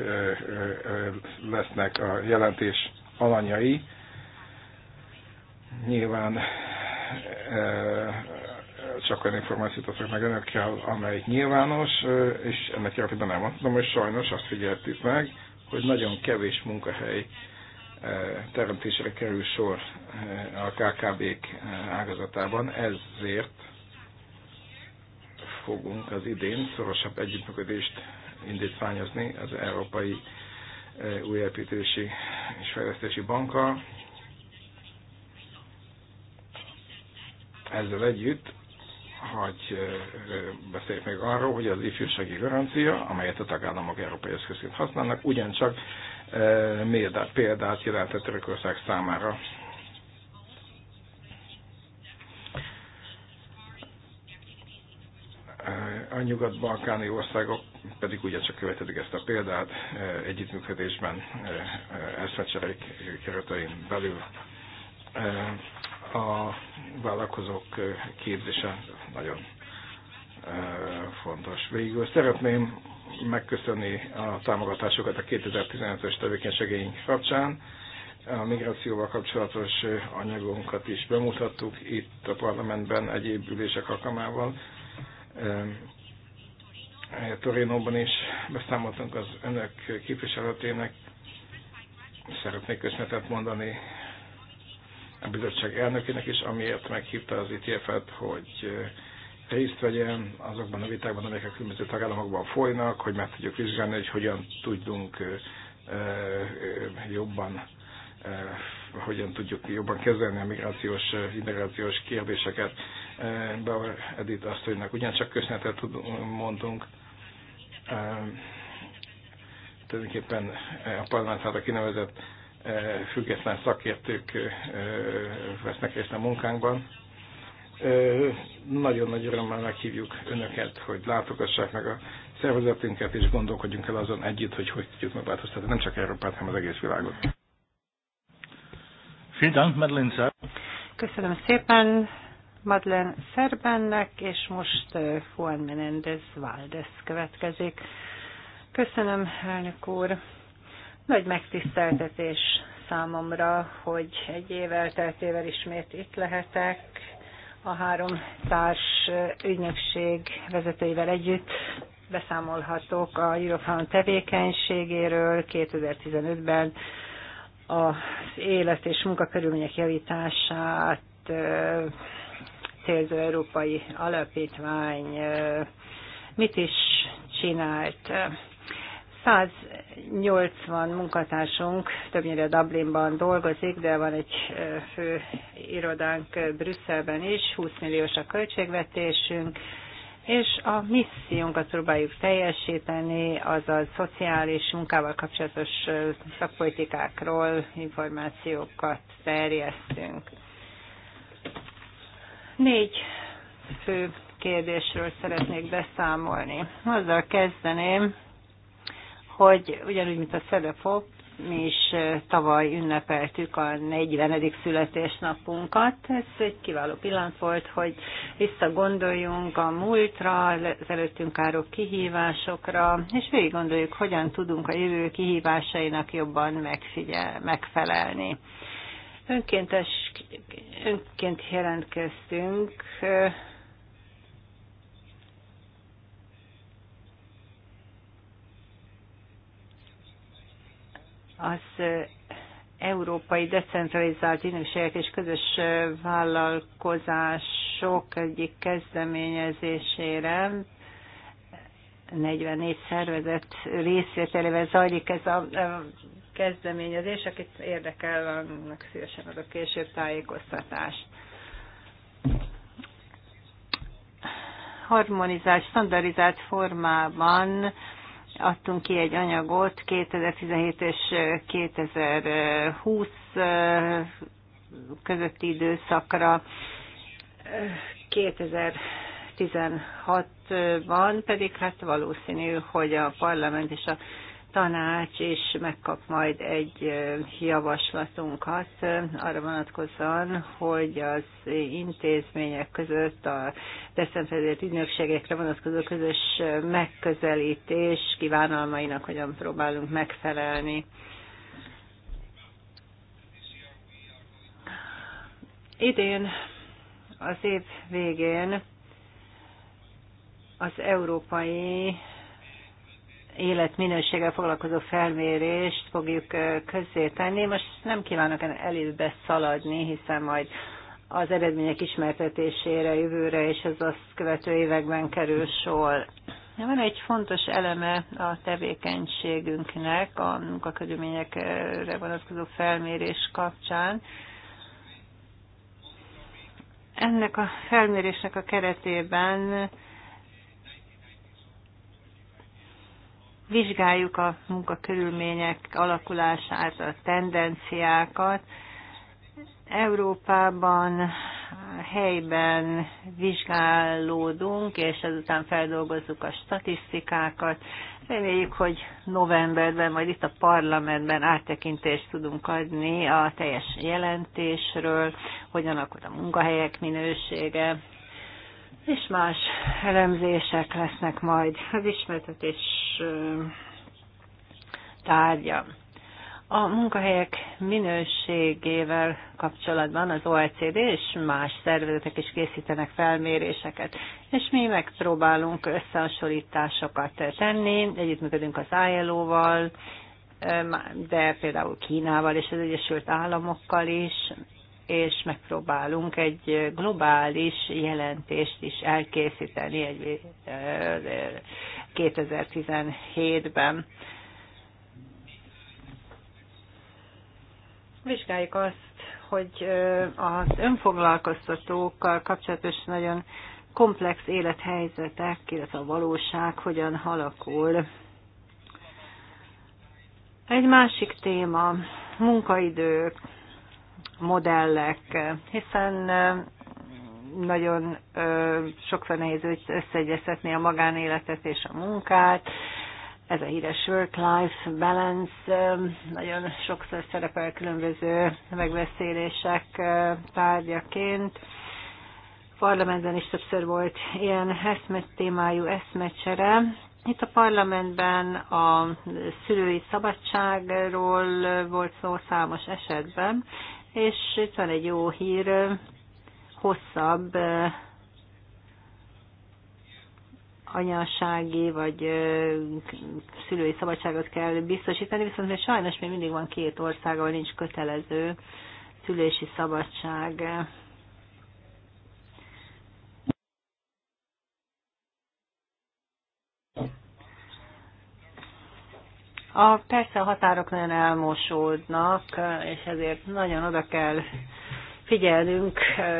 lesznek a jelentés alanyai Nyilván e, e, csak olyan információt adok meg önökkel, amelyik nyilvános, e, és ennek érdekében nem mondtam, hogy sajnos azt figyeltük meg, hogy nagyon kevés munkahely teremtésre kerül sor a KKB-k ágazatában, ezért fogunk az idén szorosabb együttműködést indítványozni az Európai Újépítési és Fejlesztési Banka, ezzel együtt, hogy beszéljük még arról, hogy az ifjúsági garancia, amelyet a tagállamok európai eszközként használnak, ugyancsak példát jelentett Törökország számára. A nyugat-balkáni országok pedig ugyancsak követedik ezt a példát, együttműködésben eszmecserék keretein belül a vállalkozók képzése nagyon fontos. Végül szeretném megköszönni a támogatásokat a 2015-ös tevékenységeink kapcsán. A migrációval kapcsolatos anyagunkat is bemutattuk itt a parlamentben egyéb ülések alkalmával. Torinóban is beszámoltunk az önök képviseletének. Szeretnék köszönetet mondani a bizottság elnökének is, amiért meghívta az ITF-et, hogy részt vegyen azokban a vitákban, amelyek a különböző tagállamokban folynak, hogy meg tudjuk vizsgálni, hogy hogyan tudunk jobban hogyan tudjuk jobban kezelni a migrációs, integrációs kérdéseket. Bauer Edith asszonynak ugyancsak köszönetet mondunk. Tulajdonképpen a parlament által kinevezett Eh, független szakértők eh, vesznek részt a munkánkban. Eh, nagyon nagy örömmel meghívjuk Önöket, hogy látogassák meg a szervezetünket, és gondolkodjunk el azon együtt, hogy hogy tudjuk megváltoztatni nem csak Európát, hanem az egész világot. Köszönöm szépen Madlen Szerbennek, és most Juan Menendez Valdez következik. Köszönöm, elnök úr. Nagy megtiszteltetés számomra, hogy egy év elteltével ismét itt lehetek a három társ ügynökség vezetőivel együtt. Beszámolhatok a Eurofound tevékenységéről 2015-ben az élet és munkakörülmények javítását célzó európai alapítvány mit is csinált. 180 munkatársunk többnyire Dublinban dolgozik, de van egy fő irodánk Brüsszelben is, 20 milliós a költségvetésünk, és a missziónkat próbáljuk teljesíteni, azaz szociális munkával kapcsolatos szakpolitikákról információkat terjesztünk. Négy fő kérdésről szeretnék beszámolni. Azzal kezdeném, hogy ugyanúgy, mint a Szedefop, mi is tavaly ünnepeltük a 40. születésnapunkat. Ez egy kiváló pillanat volt, hogy visszagondoljunk a múltra, az előttünk álló kihívásokra, és végig gondoljuk, hogyan tudunk a jövő kihívásainak jobban megfigyel, megfelelni. Önkéntes, önként jelentkeztünk az európai decentralizált ügynökségek és közös vállalkozások egyik kezdeményezésére 44 szervezet részvételével zajlik ez a kezdeményezés, akit érdekel, annak szívesen a később tájékoztatás. Harmonizált, standardizált formában adtunk ki egy anyagot 2017 és 2020 eh, közötti időszakra. 2016-ban pedig hát valószínű, hogy a parlament és a tanács és megkap majd egy javaslatunkat arra vonatkozóan, hogy az intézmények között a decentralizált ügynökségekre vonatkozó közös megközelítés kívánalmainak hogyan próbálunk megfelelni. Idén az év végén az európai életminőséggel foglalkozó felmérést fogjuk közzétenni. Most nem kívánok előbe szaladni, hiszen majd az eredmények ismertetésére jövőre és az azt követő években kerül sor. Van egy fontos eleme a tevékenységünknek a munkakörülményekre vonatkozó felmérés kapcsán. Ennek a felmérésnek a keretében vizsgáljuk a munkakörülmények alakulását, a tendenciákat. Európában helyben vizsgálódunk, és ezután feldolgozzuk a statisztikákat. Reméljük, hogy novemberben, majd itt a parlamentben áttekintést tudunk adni a teljes jelentésről, hogyan alakult a munkahelyek minősége, és más elemzések lesznek majd az ismertetés tárgya. A munkahelyek minőségével kapcsolatban az OECD és más szervezetek is készítenek felméréseket, és mi megpróbálunk összehasonlításokat tenni, együttműködünk az ILO-val, de például Kínával és az Egyesült Államokkal is, és megpróbálunk egy globális jelentést is elkészíteni egy 2017-ben. Eh, Vizsgáljuk azt, hogy eh, az önfoglalkoztatókkal kapcsolatos nagyon komplex élethelyzetek, illetve a valóság hogyan alakul. Egy másik téma, munkaidők, modellek, hiszen nagyon sokszor nehéz összeegyeztetni a magánéletet és a munkát. Ez a híres work-life balance nagyon sokszor szerepel különböző megbeszélések tárgyaként. Parlamentben is többször volt ilyen eszmet témájú eszmecsere. Itt a parlamentben a szülői szabadságról volt szó számos esetben, és itt van egy jó hír, hosszabb anyasági vagy szülői szabadságot kell biztosítani, viszont még sajnos még mindig van két ország, ahol nincs kötelező szülési szabadság. A, persze a határok nagyon elmosódnak, és ezért nagyon oda kell figyelnünk,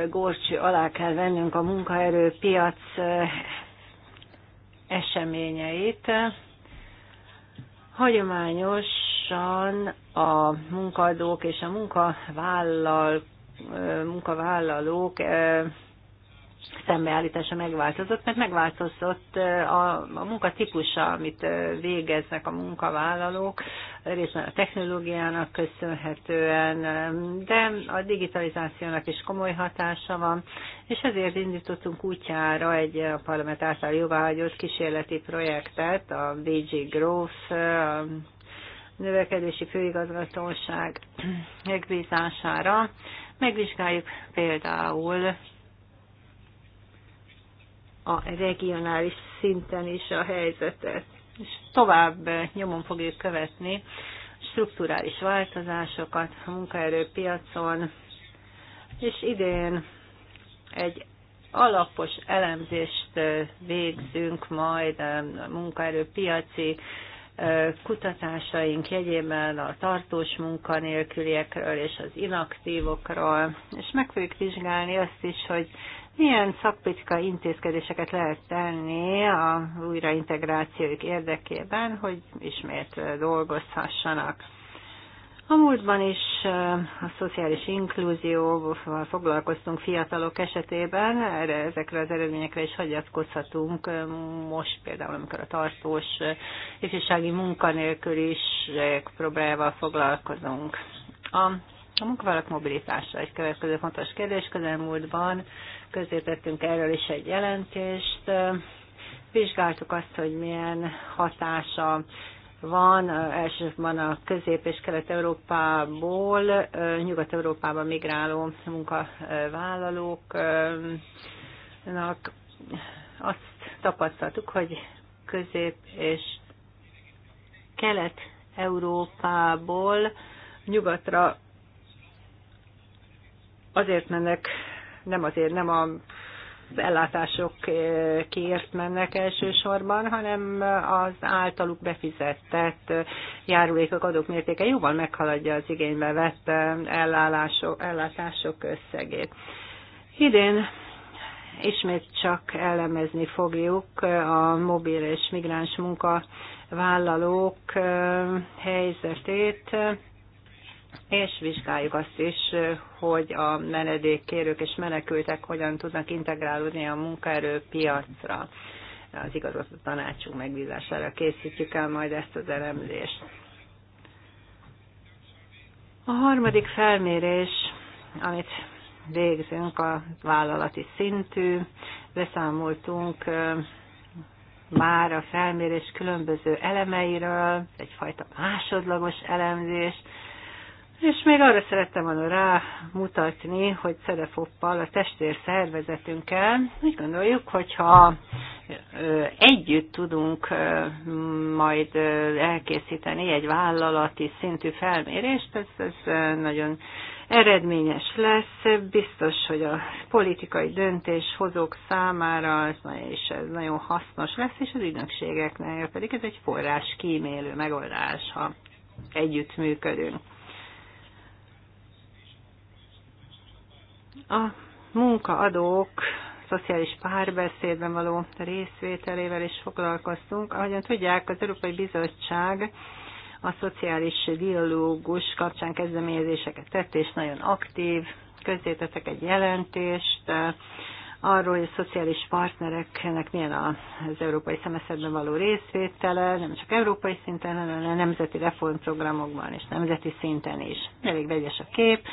górcső alá kell vennünk a munkaerőpiac eh, eseményeit. Hagyományosan a munkadók és a munkavállal, munkavállalók eh, eh, szembeállítása megváltozott, mert megváltozott a, a munkatípusa, amit végeznek a munkavállalók, részben a technológiának köszönhetően, de a digitalizációnak is komoly hatása van, és ezért indítottunk útjára egy a parlament által jóváhagyott kísérleti projektet, a BG Growth, a növekedési főigazgatóság megbízására. Megvizsgáljuk például a regionális szinten is a helyzetet, és tovább nyomon fogjuk követni strukturális változásokat a munkaerőpiacon, és idén egy alapos elemzést végzünk majd a munkaerőpiaci kutatásaink jegyében a tartós munkanélküliekről és az inaktívokról, és meg fogjuk vizsgálni azt is, hogy milyen szakpolitikai intézkedéseket lehet tenni a újraintegrációjuk érdekében, hogy ismét dolgozhassanak. A múltban is eh, a szociális inklúzióval foglalkoztunk fiatalok esetében, erre, ezekre az eredményekre is hagyatkozhatunk eh, most például, amikor a tartós eh, ifjúsági munkanélkül is problémával foglalkozunk. A a munkavállalók mobilitása egy következő fontos kérdés. Közelmúltban tettünk erről is egy jelentést. Vizsgáltuk azt, hogy milyen hatása van, elsősorban a közép- és kelet-európából, nyugat-európába migráló munkavállalóknak azt tapasztaltuk, hogy közép- és kelet-európából nyugatra azért mennek nem azért, nem a az ellátásokért eh, mennek elsősorban, hanem az általuk befizetett eh, járulékok adók mértéke jóval meghaladja az igénybe vett eh, ellátások, ellátások összegét. Idén ismét csak elemezni fogjuk a mobil és migráns munkavállalók helyzetét, és vizsgáljuk azt is, hogy a menedékkérők és menekültek hogyan tudnak integrálódni a munkaerőpiacra. Az igazgató tanácsunk megbízására készítjük el majd ezt az elemzést. A harmadik felmérés, amit végzünk, a vállalati szintű. Beszámoltunk már a felmérés különböző elemeiről, egyfajta másodlagos elemzés, és még arra szerettem volna rámutatni, hogy Szerefoppal, a testvér szervezetünkkel úgy gondoljuk, hogyha együtt tudunk majd elkészíteni egy vállalati szintű felmérést, ez, ez nagyon eredményes lesz. Biztos, hogy a politikai döntéshozók számára ez, és ez nagyon hasznos lesz, és az ügynökségeknél pedig ez egy forrás kímélő megoldás, ha együttműködünk. A munkaadók szociális párbeszédben való részvételével is foglalkoztunk. Ahogyan tudják, az Európai Bizottság a szociális dialógus kapcsán kezdeményezéseket tett, és nagyon aktív, közzétettek egy jelentést eh, arról, hogy a szociális partnereknek milyen az európai szemeszedben való részvétele, nem csak európai szinten, hanem a nemzeti reformprogramokban és nemzeti szinten is. Elég vegyes a kép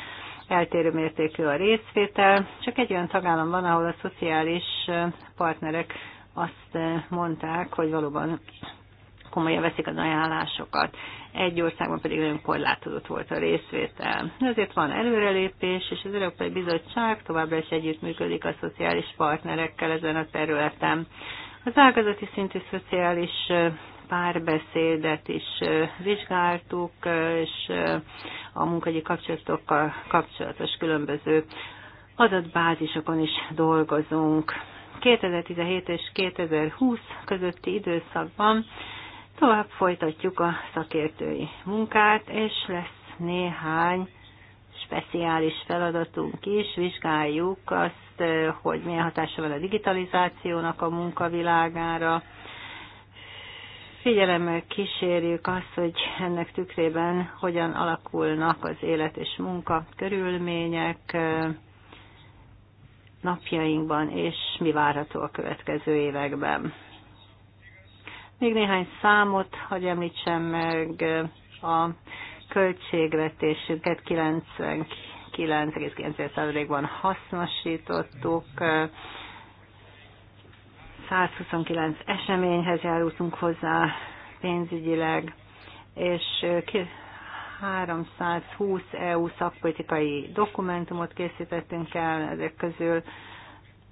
eltérő mértékű a részvétel. Csak egy olyan tagállam van, ahol a szociális partnerek azt mondták, hogy valóban komolyan veszik az ajánlásokat. Egy országban pedig nagyon korlátozott volt a részvétel. Ezért van előrelépés, és az Európai Bizottság továbbra is együttműködik a szociális partnerekkel ezen a területen. Az ágazati szintű szociális párbeszédet is vizsgáltuk, és a munkahogyi kapcsolatokkal kapcsolatos különböző adatbázisokon is dolgozunk. 2017 és 2020 közötti időszakban tovább folytatjuk a szakértői munkát, és lesz néhány speciális feladatunk is, vizsgáljuk azt, hogy milyen hatása van a digitalizációnak a munkavilágára, figyelemmel kísérjük azt, hogy ennek tükrében hogyan alakulnak az élet és munka körülmények napjainkban, és mi várható a következő években. Még néhány számot, hogy említsem meg a költségvetésünket 99,9%-ban hasznosítottuk, 129 eseményhez járultunk hozzá pénzügyileg, és 320 EU szakpolitikai dokumentumot készítettünk el, ezek közül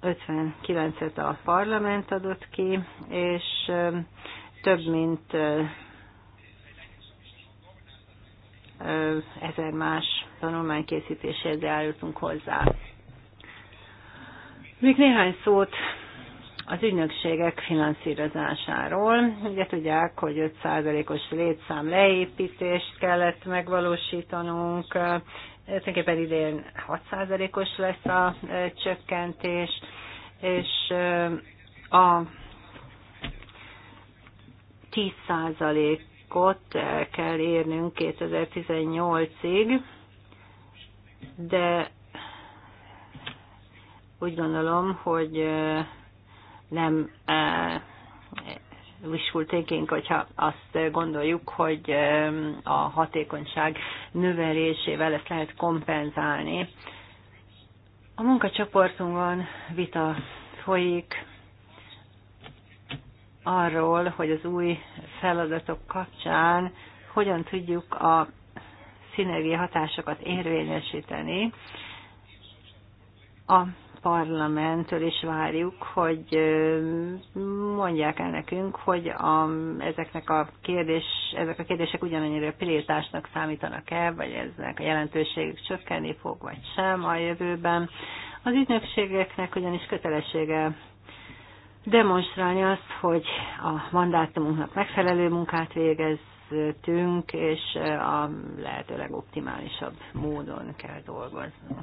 59-et a parlament adott ki, és több mint ezer más tanulmánykészítéséhez járultunk hozzá. Még néhány szót az ügynökségek finanszírozásáról. Ugye tudják, hogy 5%-os létszám leépítést kellett megvalósítanunk, tulajdonképpen idén 6%-os lesz a e, csökkentés, és e, a 10%-ot kell érnünk 2018-ig, de úgy gondolom, hogy e, nem wishful thinking, hogyha azt gondoljuk, hogy a hatékonyság növelésével ezt lehet kompenzálni. A munkacsoportunkban vita folyik arról, hogy az új feladatok kapcsán hogyan tudjuk a szinergia hatásokat érvényesíteni a parlamenttől is várjuk, hogy mondják el nekünk, hogy a, ezeknek a kérdés, ezek a kérdések ugyanannyira prioritásnak számítanak el, vagy ezek a jelentőségük csökkenni fog, vagy sem a jövőben. Az ügynökségeknek ugyanis kötelessége demonstrálni azt, hogy a mandátumunknak megfelelő munkát végeztünk, és a lehető legoptimálisabb módon kell dolgozni.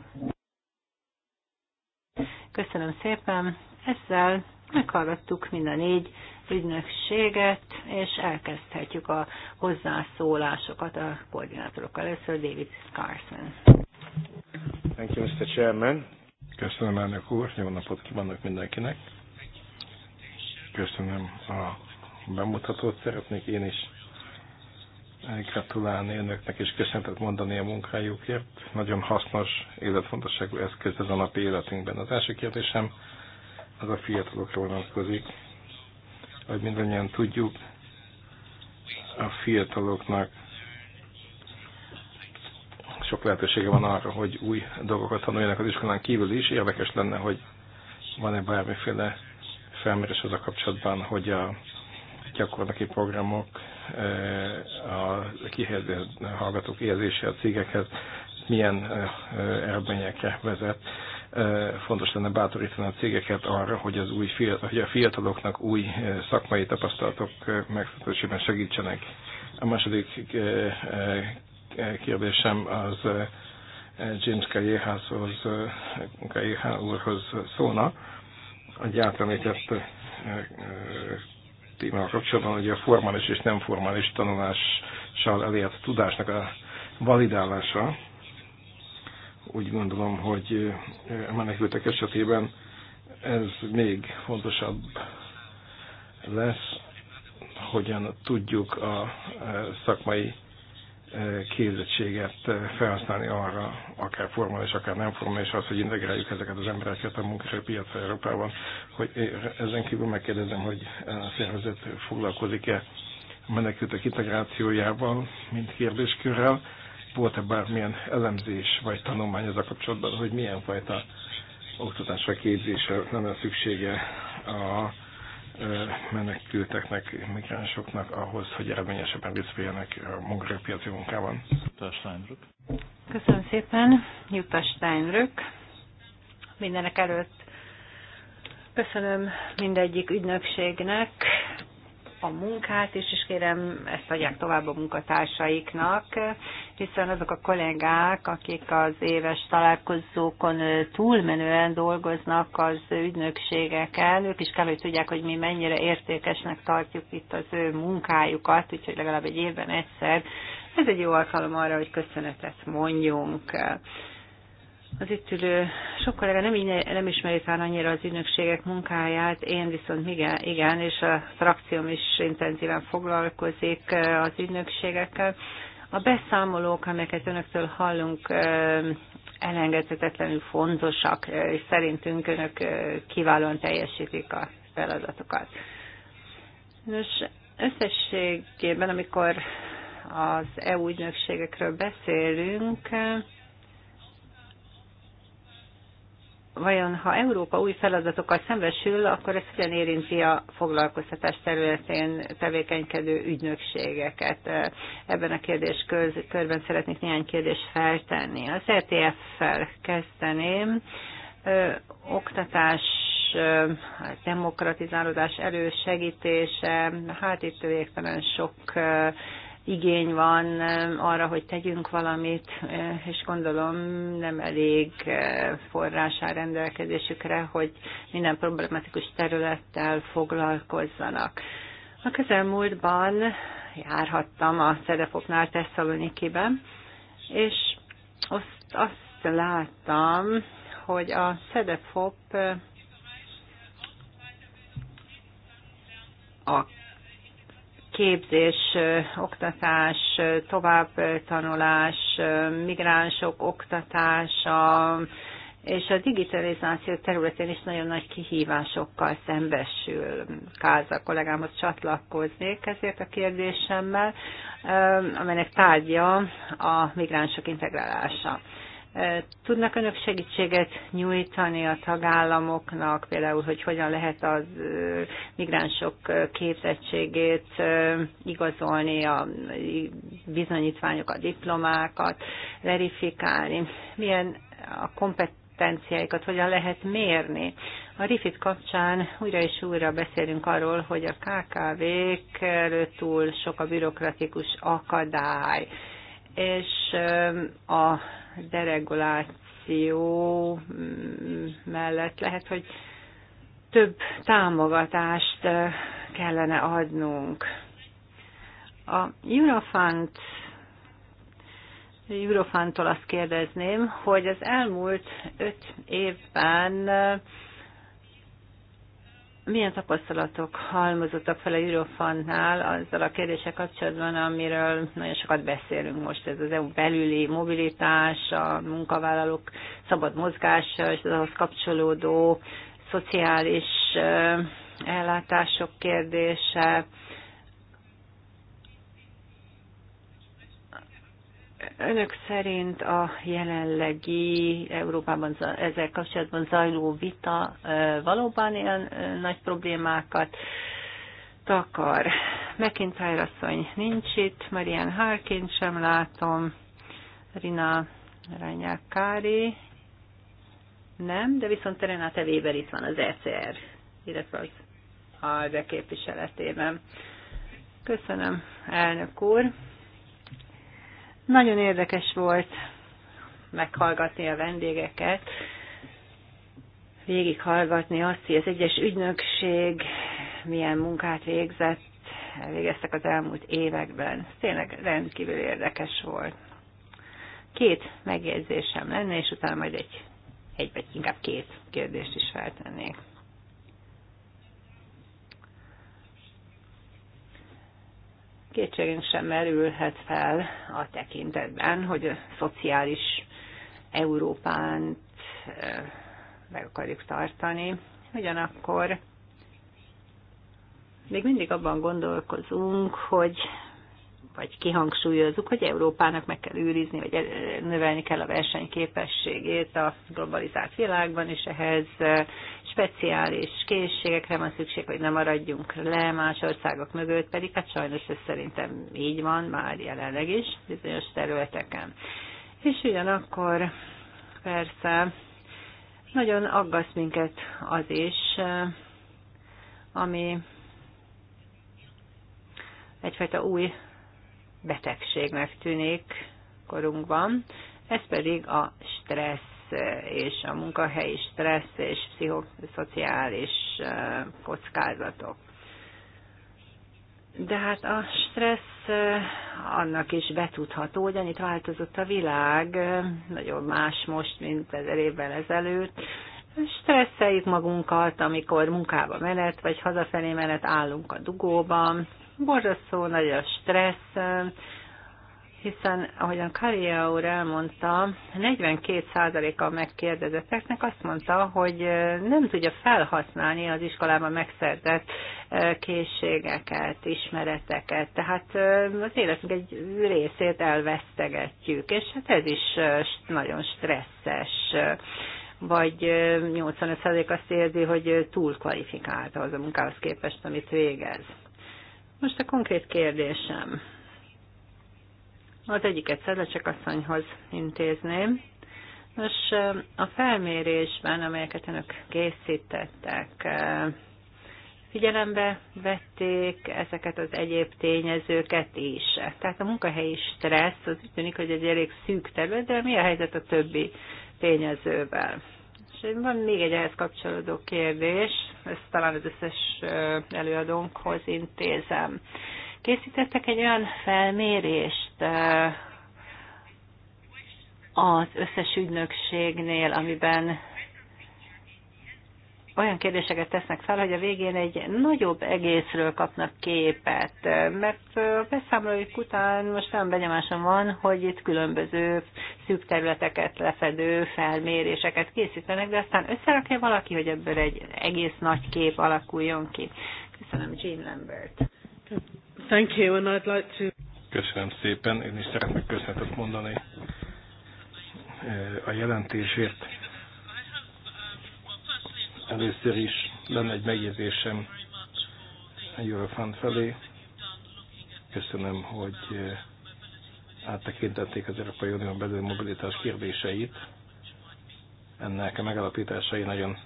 Köszönöm szépen. Ezzel meghallgattuk mind a négy ügynökséget, és elkezdhetjük a hozzászólásokat a koordinátorokkal. Először David Carson. Thank you, Mr. Chairman. Köszönöm, elnök úr. Jó napot kívánok mindenkinek. Köszönöm a bemutatót. Szeretnék én is gratulálni önöknek, és köszöntet mondani a munkájukért. Nagyon hasznos, életfontosságú eszköz ez a napi életünkben. Az első kérdésem az a fiatalokra vonatkozik. Ahogy mindannyian tudjuk, a fiataloknak sok lehetősége van arra, hogy új dolgokat tanuljanak az iskolán kívül is. Érdekes lenne, hogy van-e bármiféle felmérés az a kapcsolatban, hogy a gyakorlati programok, eh, a kihelyező hallgatók érzése a cégekhez milyen eredményekre eh, vezet. Eh, fontos lenne bátorítani a cégeket arra, hogy, az új fiatal, hogy a fiataloknak új szakmai tapasztalatok megfelelősében segítsenek. A második kérdésem az James Kajéhászhoz, Kajéhá úrhoz szólna. Egy átemlített témával kapcsolatban, hogy a formális és nem formális tanulással elért tudásnak a validálása. Úgy gondolom, hogy a eh, menekültek esetében ez még fontosabb lesz, hogyan tudjuk a eh, szakmai képzettséget eh, felhasználni arra, akár formális, akár nem formális, az, hogy integráljuk ezeket az embereket a munkaerőpiacra Európában, hogy ezen kívül megkérdezem, hogy a szervezet foglalkozik-e a menekültek integrációjával, mint kérdéskörrel, volt-e bármilyen elemzés vagy tanulmány az a kapcsolatban, hogy milyen fajta oktatásra, képzésre lenne szüksége a menekülteknek, migránsoknak ahhoz, hogy eredményesebben részt a munkaerőpiaci munkában. Köszönöm szépen, Jutta Steinrück. Mindenek előtt köszönöm mindegyik ügynökségnek a munkát is, és kérem ezt adják tovább a munkatársaiknak, hiszen azok a kollégák, akik az éves találkozókon túlmenően dolgoznak az ügynökségeken, ők is kell, hogy tudják, hogy mi mennyire értékesnek tartjuk itt az ő munkájukat, úgyhogy legalább egy évben egyszer. Ez egy jó alkalom arra, hogy köszönetet mondjunk az itt ülő sok kollega nem, nem ismeri talán annyira az ügynökségek munkáját, én viszont igen, igen, és a frakcióm is intenzíven foglalkozik az ügynökségekkel. A beszámolók, amelyeket önöktől hallunk, elengedhetetlenül fontosak, és szerintünk önök kiválóan teljesítik a feladatokat. Nos, összességében, amikor az EU ügynökségekről beszélünk, vajon ha Európa új feladatokkal szembesül, akkor ez hogyan érinti a foglalkoztatás területén tevékenykedő ügynökségeket? Ebben a kérdés körben szeretnék néhány kérdést feltenni. Az ETF-fel kezdeném. Oktatás demokratizálódás elősegítése, hát itt végtelen sok igény van arra, hogy tegyünk valamit, és gondolom nem elég forrás áll rendelkezésükre, hogy minden problematikus területtel foglalkozzanak. A közelmúltban járhattam a Cedefopnál Tesszalonikiben, és azt, azt láttam, hogy a Szedefop a képzés, oktatás, továbbtanulás, migránsok oktatása, és a digitalizáció területén is nagyon nagy kihívásokkal szembesül. Káza kollégámhoz csatlakoznék ezért a kérdésemmel, amelynek tárgya a migránsok integrálása. Tudnak önök segítséget nyújtani a tagállamoknak, például, hogy hogyan lehet az migránsok képzettségét igazolni, a bizonyítványokat, diplomákat, verifikálni, milyen a kompetenciáikat hogyan lehet mérni. A RIFIT kapcsán újra és újra beszélünk arról, hogy a KKV-k előtt túl sok a bürokratikus akadály és a dereguláció mm, mellett lehet, hogy több támogatást eh, kellene adnunk. A Eurofund Eurofantól azt kérdezném, hogy az elmúlt öt évben eh, milyen tapasztalatok halmozottak fel a Eurofundnál azzal a kérdéssel kapcsolatban, amiről nagyon sokat beszélünk most, ez az EU belüli mobilitás, a munkavállalók szabad mozgása és az ahhoz kapcsolódó szociális ellátások kérdése, Önök szerint a jelenlegi Európában ezzel kapcsolatban zajló vita valóban ilyen nagy problémákat takar. McIntyre asszony nincs itt, Marian Harkin sem látom, Rina Ranyákári nem, de viszont Renate Weber itt van az ECR, illetve az ALDE képviseletében. Köszönöm, elnök úr. Nagyon érdekes volt meghallgatni a vendégeket, végighallgatni azt, hogy az egyes ügynökség milyen munkát végzett, végeztek az elmúlt években. Tényleg rendkívül érdekes volt. Két megjegyzésem lenne, és utána majd egy, egy vagy inkább két kérdést is feltennék. kétségünk sem merülhet fel a tekintetben, hogy a szociális Európánt meg akarjuk tartani. Ugyanakkor még mindig abban gondolkozunk, hogy vagy kihangsúlyozzuk, hogy Európának meg kell őrizni, vagy növelni kell a versenyképességét a globalizált világban, és ehhez speciális készségekre van szükség, hogy nem maradjunk le más országok mögött, pedig hát sajnos ez szerintem így van már jelenleg is bizonyos területeken. És ugyanakkor persze nagyon aggaszt minket az is, ami egyfajta új betegségnek tűnik korunkban, ez pedig a stressz és a munkahelyi stressz és pszichoszociális kockázatok. De hát a stressz annak is betudható, hogy annyit változott a világ, nagyon más most, mint ezer évvel ezelőtt. Stresszeljük magunkat, amikor munkába menet, vagy hazafelé menet állunk a dugóban, borzasztó nagy a stressz, hiszen, ahogyan Karia úr elmondta, 42%-a megkérdezetteknek azt mondta, hogy nem tudja felhasználni az iskolában megszerzett e, készségeket, ismereteket. Tehát e, az életünk egy részét elvesztegetjük, és hát ez is e, nagyon stresszes vagy 85% azt érzi, hogy túl kvalifikált az a munkához képest, amit végez. Most a konkrét kérdésem. Az egyiket Szedlecsek asszonyhoz intézném. Nos, a felmérésben, amelyeket önök készítettek, figyelembe vették ezeket az egyéb tényezőket is. Tehát a munkahelyi stressz, az úgy tűnik, hogy egy elég szűk terület, de mi a helyzet a többi tényezővel? És van még egy ehhez kapcsolódó kérdés, ezt talán az összes előadónkhoz intézem. Készítettek egy olyan felmérést az összes ügynökségnél, amiben olyan kérdéseket tesznek fel, hogy a végén egy nagyobb egészről kapnak képet, mert a beszámolóik után most olyan benyomásom van, hogy itt különböző szűk területeket lefedő felméréseket készítenek, de aztán összerakja valaki, hogy ebből egy egész nagy kép alakuljon ki. Köszönöm, Jean Lambert. Thank you, and I'd like to... Köszönöm szépen, én is szeretnék köszönetet mondani eh, a jelentésért Először is lenne egy megjegyzésem a Eurofund felé. Köszönöm, hogy eh, áttekintették az Európai Unión belül mobilitás kérdéseit. Ennek a megalapításai nagyon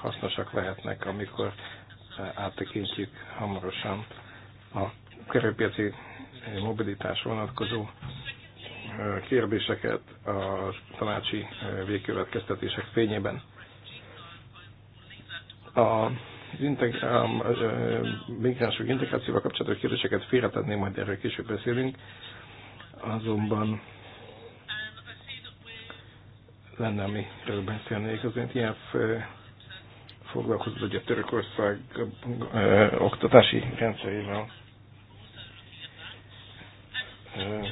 hasznosak lehetnek, amikor eh, áttekintjük hamarosan a körülpiaci eh, mobilitás vonatkozó kérdéseket a tanácsi végkövetkeztetések fényében. A integrál, migránsok integrációval kapcsolatos kérdéseket félretenném, majd erről később beszélünk. Azonban lenne, amiről beszélnék. Az NTF foglalkozott ugye Törökország oktatási rendszerével. Ö,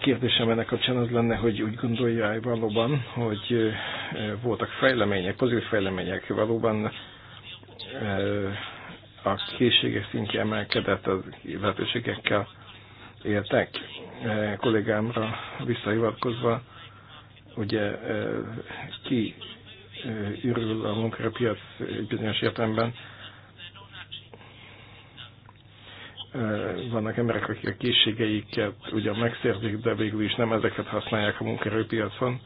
kérdésem ennek kapcsán az lenne, hogy úgy gondolja -e valóban, hogy voltak fejlemények, pozitív fejlemények, valóban a készségek szintje emelkedett, az lehetőségekkel éltek. Kollégámra visszahivatkozva, ugye ki ürül a munkaerőpiac bizonyos értelemben, Eh, vannak emberek, akik a készségeiket ugyan megszerzik, de végül is nem ezeket használják a munkerőpiacon.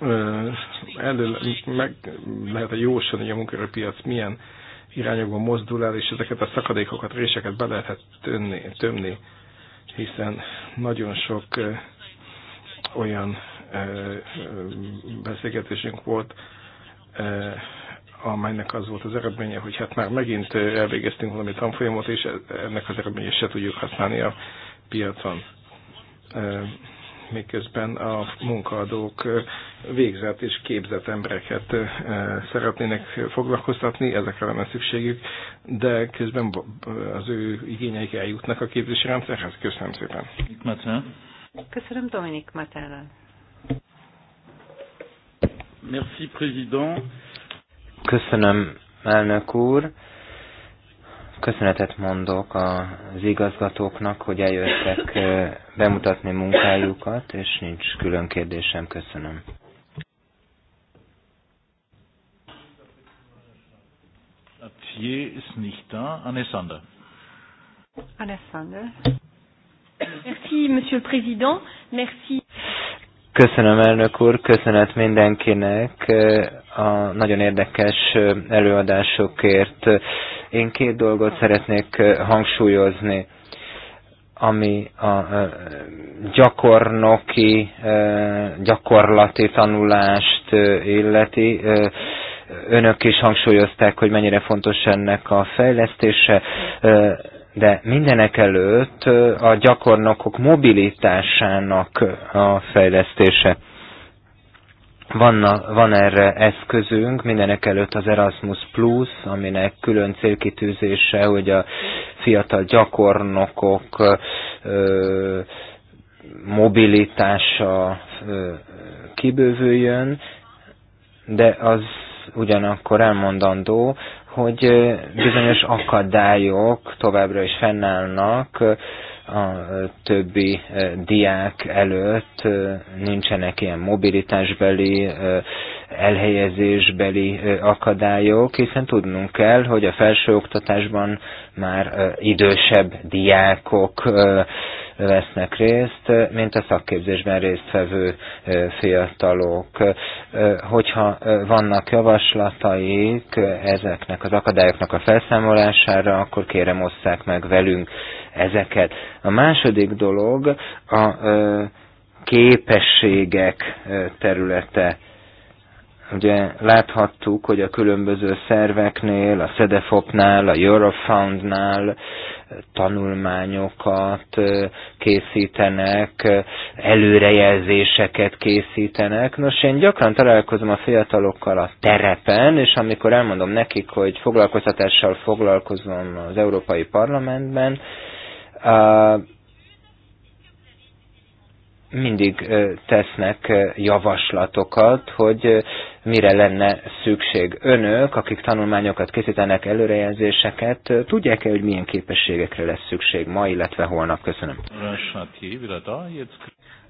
Eh, elő, meg lehet a jósan, hogy a munkerőpiac milyen irányokban mozdul el, és ezeket a szakadékokat, réseket be lehet tönni, tömni, hiszen nagyon sok eh, olyan beszélgetésünk volt amelynek az volt az eredménye, hogy hát már megint elvégeztünk valami tanfolyamot, és ennek az eredménye se tudjuk használni a piacon. Miközben a munkaadók végzett és képzett embereket szeretnének foglalkoztatni, ezekre lenne szükségük, de közben az ő igényeik eljutnak a képzési rendszerhez. Köszönöm szépen. Köszönöm Dominik Matállal. Merci, président. Köszönöm, elnök úr. Köszönetet mondok az igazgatóknak, hogy eljöttek bemutatni munkájukat, és nincs külön kérdésem. Köszönöm. Thier ist nicht da. Merci, Monsieur le Président. Merci. Köszönöm, elnök úr, köszönet mindenkinek eh, a nagyon érdekes eh, előadásokért. Én két dolgot szeretnék eh, hangsúlyozni, ami a gyakornoki, gyakorlati tanulást illeti. Önök is hangsúlyozták, hogy mennyire fontos ennek a fejlesztése de mindenek előtt a gyakornokok mobilitásának a fejlesztése. Van, van erre eszközünk, mindenek előtt az Erasmus Plus, aminek külön célkitűzése, hogy a fiatal gyakornokok ö, mobilitása ö, kibővüljön, de az ugyanakkor elmondandó, hogy bizonyos akadályok továbbra is fennállnak, a többi diák előtt nincsenek ilyen mobilitásbeli, elhelyezésbeli akadályok, hiszen tudnunk kell, hogy a felsőoktatásban már idősebb diákok vesznek részt, mint a szakképzésben résztvevő fiatalok. Hogyha vannak javaslataik ezeknek az akadályoknak a felszámolására, akkor kérem osszák meg velünk ezeket. A második dolog a képességek területe Ugye láthattuk, hogy a különböző szerveknél, a SEDEFOP-nál, a eurofound Eurofound-nál eh, tanulmányokat eh, készítenek, eh, előrejelzéseket készítenek. Nos, én gyakran találkozom a fiatalokkal a terepen, és amikor elmondom nekik, hogy foglalkoztatással foglalkozom az Európai Parlamentben, mindig tesznek javaslatokat, hogy mire lenne szükség. Önök, akik tanulmányokat készítenek, előrejelzéseket, tudják-e, hogy milyen képességekre lesz szükség ma, illetve holnap? Köszönöm.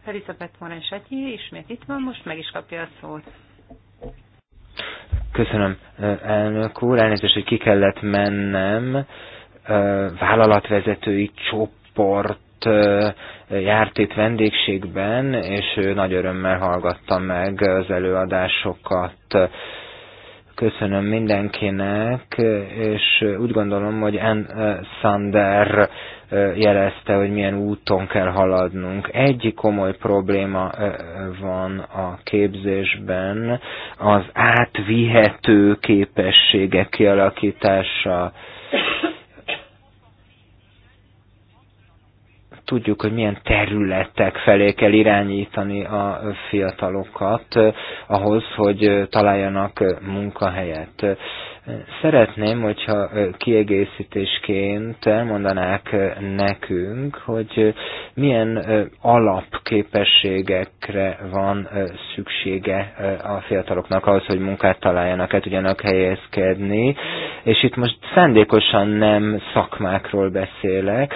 Elizabeth Moresatyi ismét itt van, most meg is kapja a szót. Köszönöm, elnök úr. Elnézést, hogy ki kellett mennem. Vállalatvezetői csoport ott járt itt vendégségben, és ő nagy örömmel hallgatta meg az előadásokat. Köszönöm mindenkinek, és úgy gondolom, hogy Ann Sander jelezte, hogy milyen úton kell haladnunk. Egy komoly probléma van a képzésben, az átvihető képességek kialakítása tudjuk, hogy milyen területek felé kell irányítani a fiatalokat eh, ahhoz, hogy eh, találjanak eh, munkahelyet. Szeretném, hogyha kiegészítésként elmondanák nekünk, hogy milyen alapképességekre van szüksége a fiataloknak ahhoz, hogy munkát találjanak, el tudjanak helyezkedni. És itt most szándékosan nem szakmákról beszélek,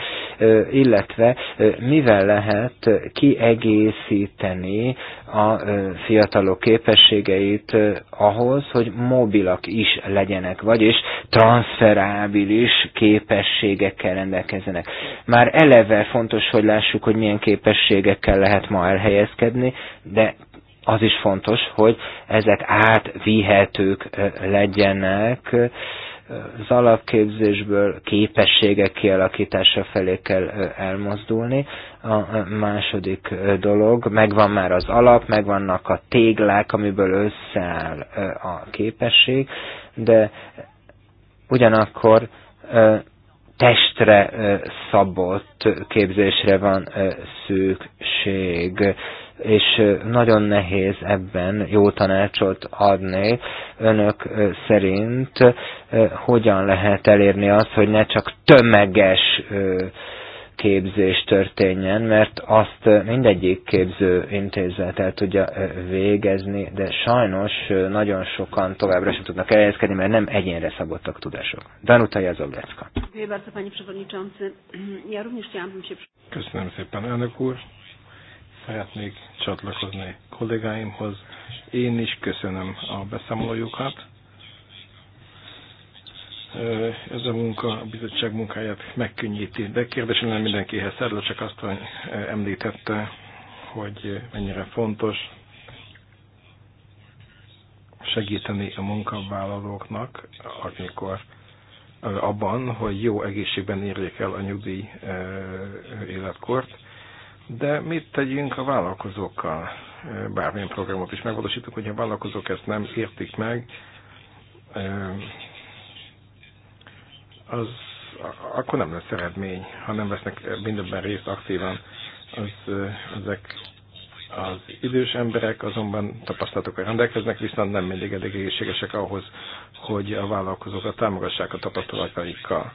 illetve mivel lehet kiegészíteni a fiatalok képességeit ahhoz, hogy mobilak is legyenek legyenek, vagyis transferábilis képességekkel rendelkezzenek. Már eleve fontos, hogy lássuk, hogy milyen képességekkel lehet ma elhelyezkedni, de az is fontos, hogy ezek átvihetők legyenek, az alapképzésből képességek kialakítása felé kell elmozdulni. A második dolog, megvan már az alap, megvannak a téglák, amiből összeáll a képesség, de ugyanakkor testre szabott képzésre van szükség, és nagyon nehéz ebben jó tanácsot adni. Önök szerint hogyan lehet elérni azt, hogy ne csak tömeges képzés történjen, mert azt eh, mindegyik képző intézet el tudja eh, végezni, de sajnos eh, nagyon sokan továbbra sem tudnak elhelyezkedni, mert nem egyénre szabottak tudások. Danuta Jazovlecka. Köszönöm szépen, elnök úr. Szeretnék csatlakozni kollégáimhoz. Én is köszönöm a beszámolójukat ez a munka a bizottság munkáját megkönnyíti. De kérdésem nem mindenkihez szerző, csak azt hogy említette, hogy mennyire fontos segíteni a munkavállalóknak, amikor abban, hogy jó egészségben érjék el a nyugdíj életkort. De mit tegyünk a vállalkozókkal? Bármilyen programot is megvalósítunk, hogy a vállalkozók ezt nem értik meg, az akkor nem lesz eredmény, ha nem vesznek mindenben részt aktívan. Az, ezek az idős emberek azonban tapasztalatokkal rendelkeznek, viszont nem mindig elég egészségesek ahhoz, hogy a vállalkozókat támogassák a tapasztalataikkal.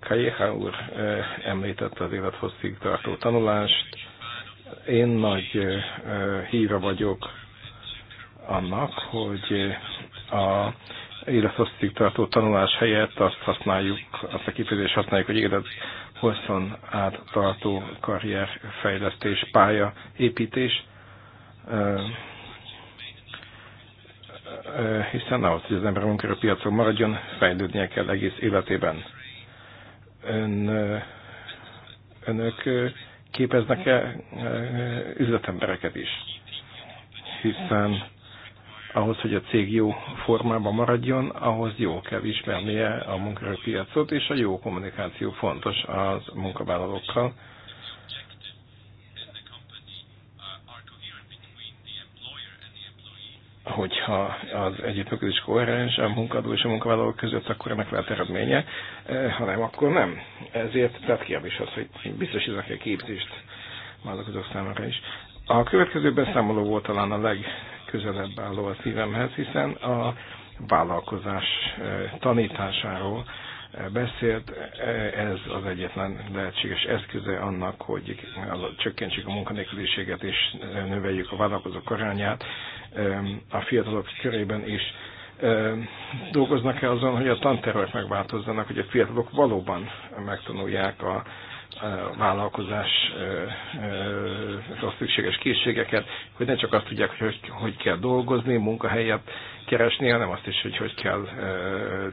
Kajeha úr említette az élethosszig tartó tanulást. Én nagy híra vagyok annak, hogy a élethosszig tartó tanulás helyett azt használjuk, azt a kifejezést használjuk, hogy élet hosszon át tartó karrierfejlesztés, pálya, építés, hiszen ahhoz, hogy az ember piacon maradjon, fejlődnie kell egész életében. Ön, önök képeznek-e üzletembereket is? Hiszen ahhoz, hogy a cég jó formában maradjon, ahhoz jó kell ismernie a munkaerőpiacot, és a jó kommunikáció fontos az munkavállalókkal. hogyha az együttműködés koherens a munkadó és a munkavállalók között, akkor ennek lehet eredménye, eh, hanem akkor nem. Ezért tehát is az, hogy biztosítanak egy képzést vállalkozók számára is. A következő beszámoló volt talán a leg közelebb álló a szívemhez, hiszen a vállalkozás eh, tanításáról eh, beszélt, eh, ez az egyetlen lehetséges eszköze annak, hogy csökkentsük a munkanélküliséget és növeljük a vállalkozók arányát a fiatalok körében is. Dolgoznak-e azon, hogy a tantervek megváltozzanak, hogy a fiatalok valóban megtanulják a vállalkozásra szükséges készségeket, hogy ne csak azt tudják, hogy, hogy kell dolgozni, munkahelyet keresni, hanem azt is, hogy hogy kell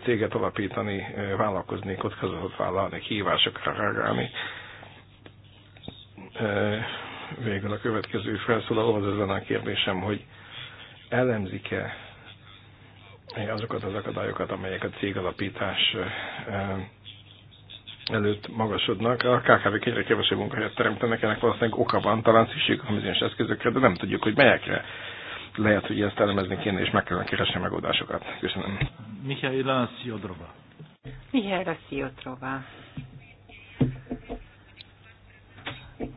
céget alapítani, vállalkozni, kockázatot vállalni, kihívásokra reagálni. Végül a következő felszólaló az ezen a kérdésem, hogy elemzik-e azokat az akadályokat, amelyek a cégalapítás alapítás előtt magasodnak. A KKV-k egyre kevesebb munkahelyet teremtenek, ennek valószínűleg oka van, talán szükségük a bizonyos eszközökre, de nem tudjuk, hogy melyekre. Lehet, hogy ezt elemezni kéne, és meg kellene keresni megoldásokat. Köszönöm. Mihály Sziodrova. Mihály Sziodrova.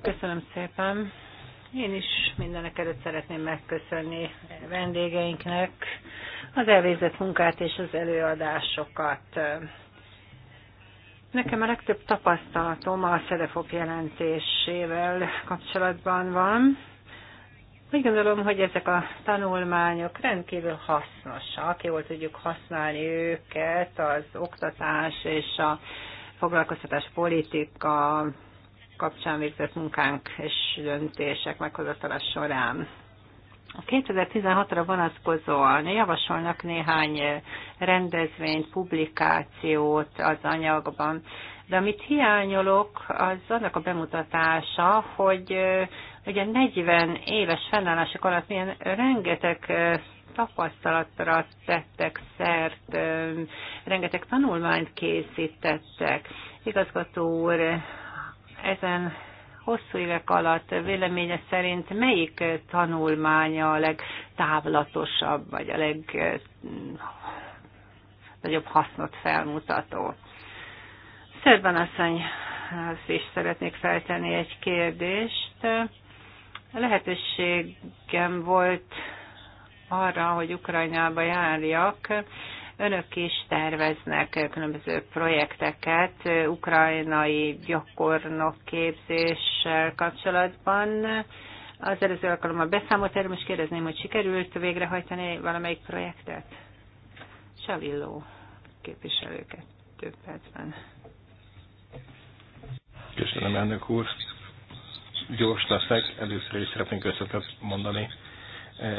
Köszönöm szépen. Én is mindenek előtt szeretném megköszönni vendégeinknek az elvégzett munkát és az előadásokat. Nekem a legtöbb tapasztalatom a SZEDEFOP jelentésével kapcsolatban van. Úgy gondolom, hogy ezek a tanulmányok rendkívül hasznosak, jól tudjuk használni őket az oktatás és a foglalkoztatás politika kapcsán végzett munkánk és döntések meghozatala során. A 2016-ra vonatkozóan javasolnak néhány eh, rendezvényt, publikációt az anyagban, de amit hiányolok, az annak a bemutatása, hogy eh, ugye 40 éves fennállások alatt milyen rengeteg eh, tapasztalatra tettek szert, rengeteg tanulmányt készítettek. Igazgató úr, ezen hosszú évek alatt véleménye szerint melyik tanulmánya a legtávlatosabb, vagy a legnagyobb hasznot felmutató? Szerben asszony, is szeretnék feltenni egy kérdést. Lehetőségem volt arra, hogy Ukrajnába járjak, Önök is terveznek különböző projekteket ukrajnai gyakornok képzéssel kapcsolatban. Az előző alkalommal beszámolt erről, most kérdezném, hogy sikerült végrehajtani valamelyik projektet? Savilló képviselőket több percben. Köszönöm, elnök úr. Gyors leszek, először is szeretnénk összetett mondani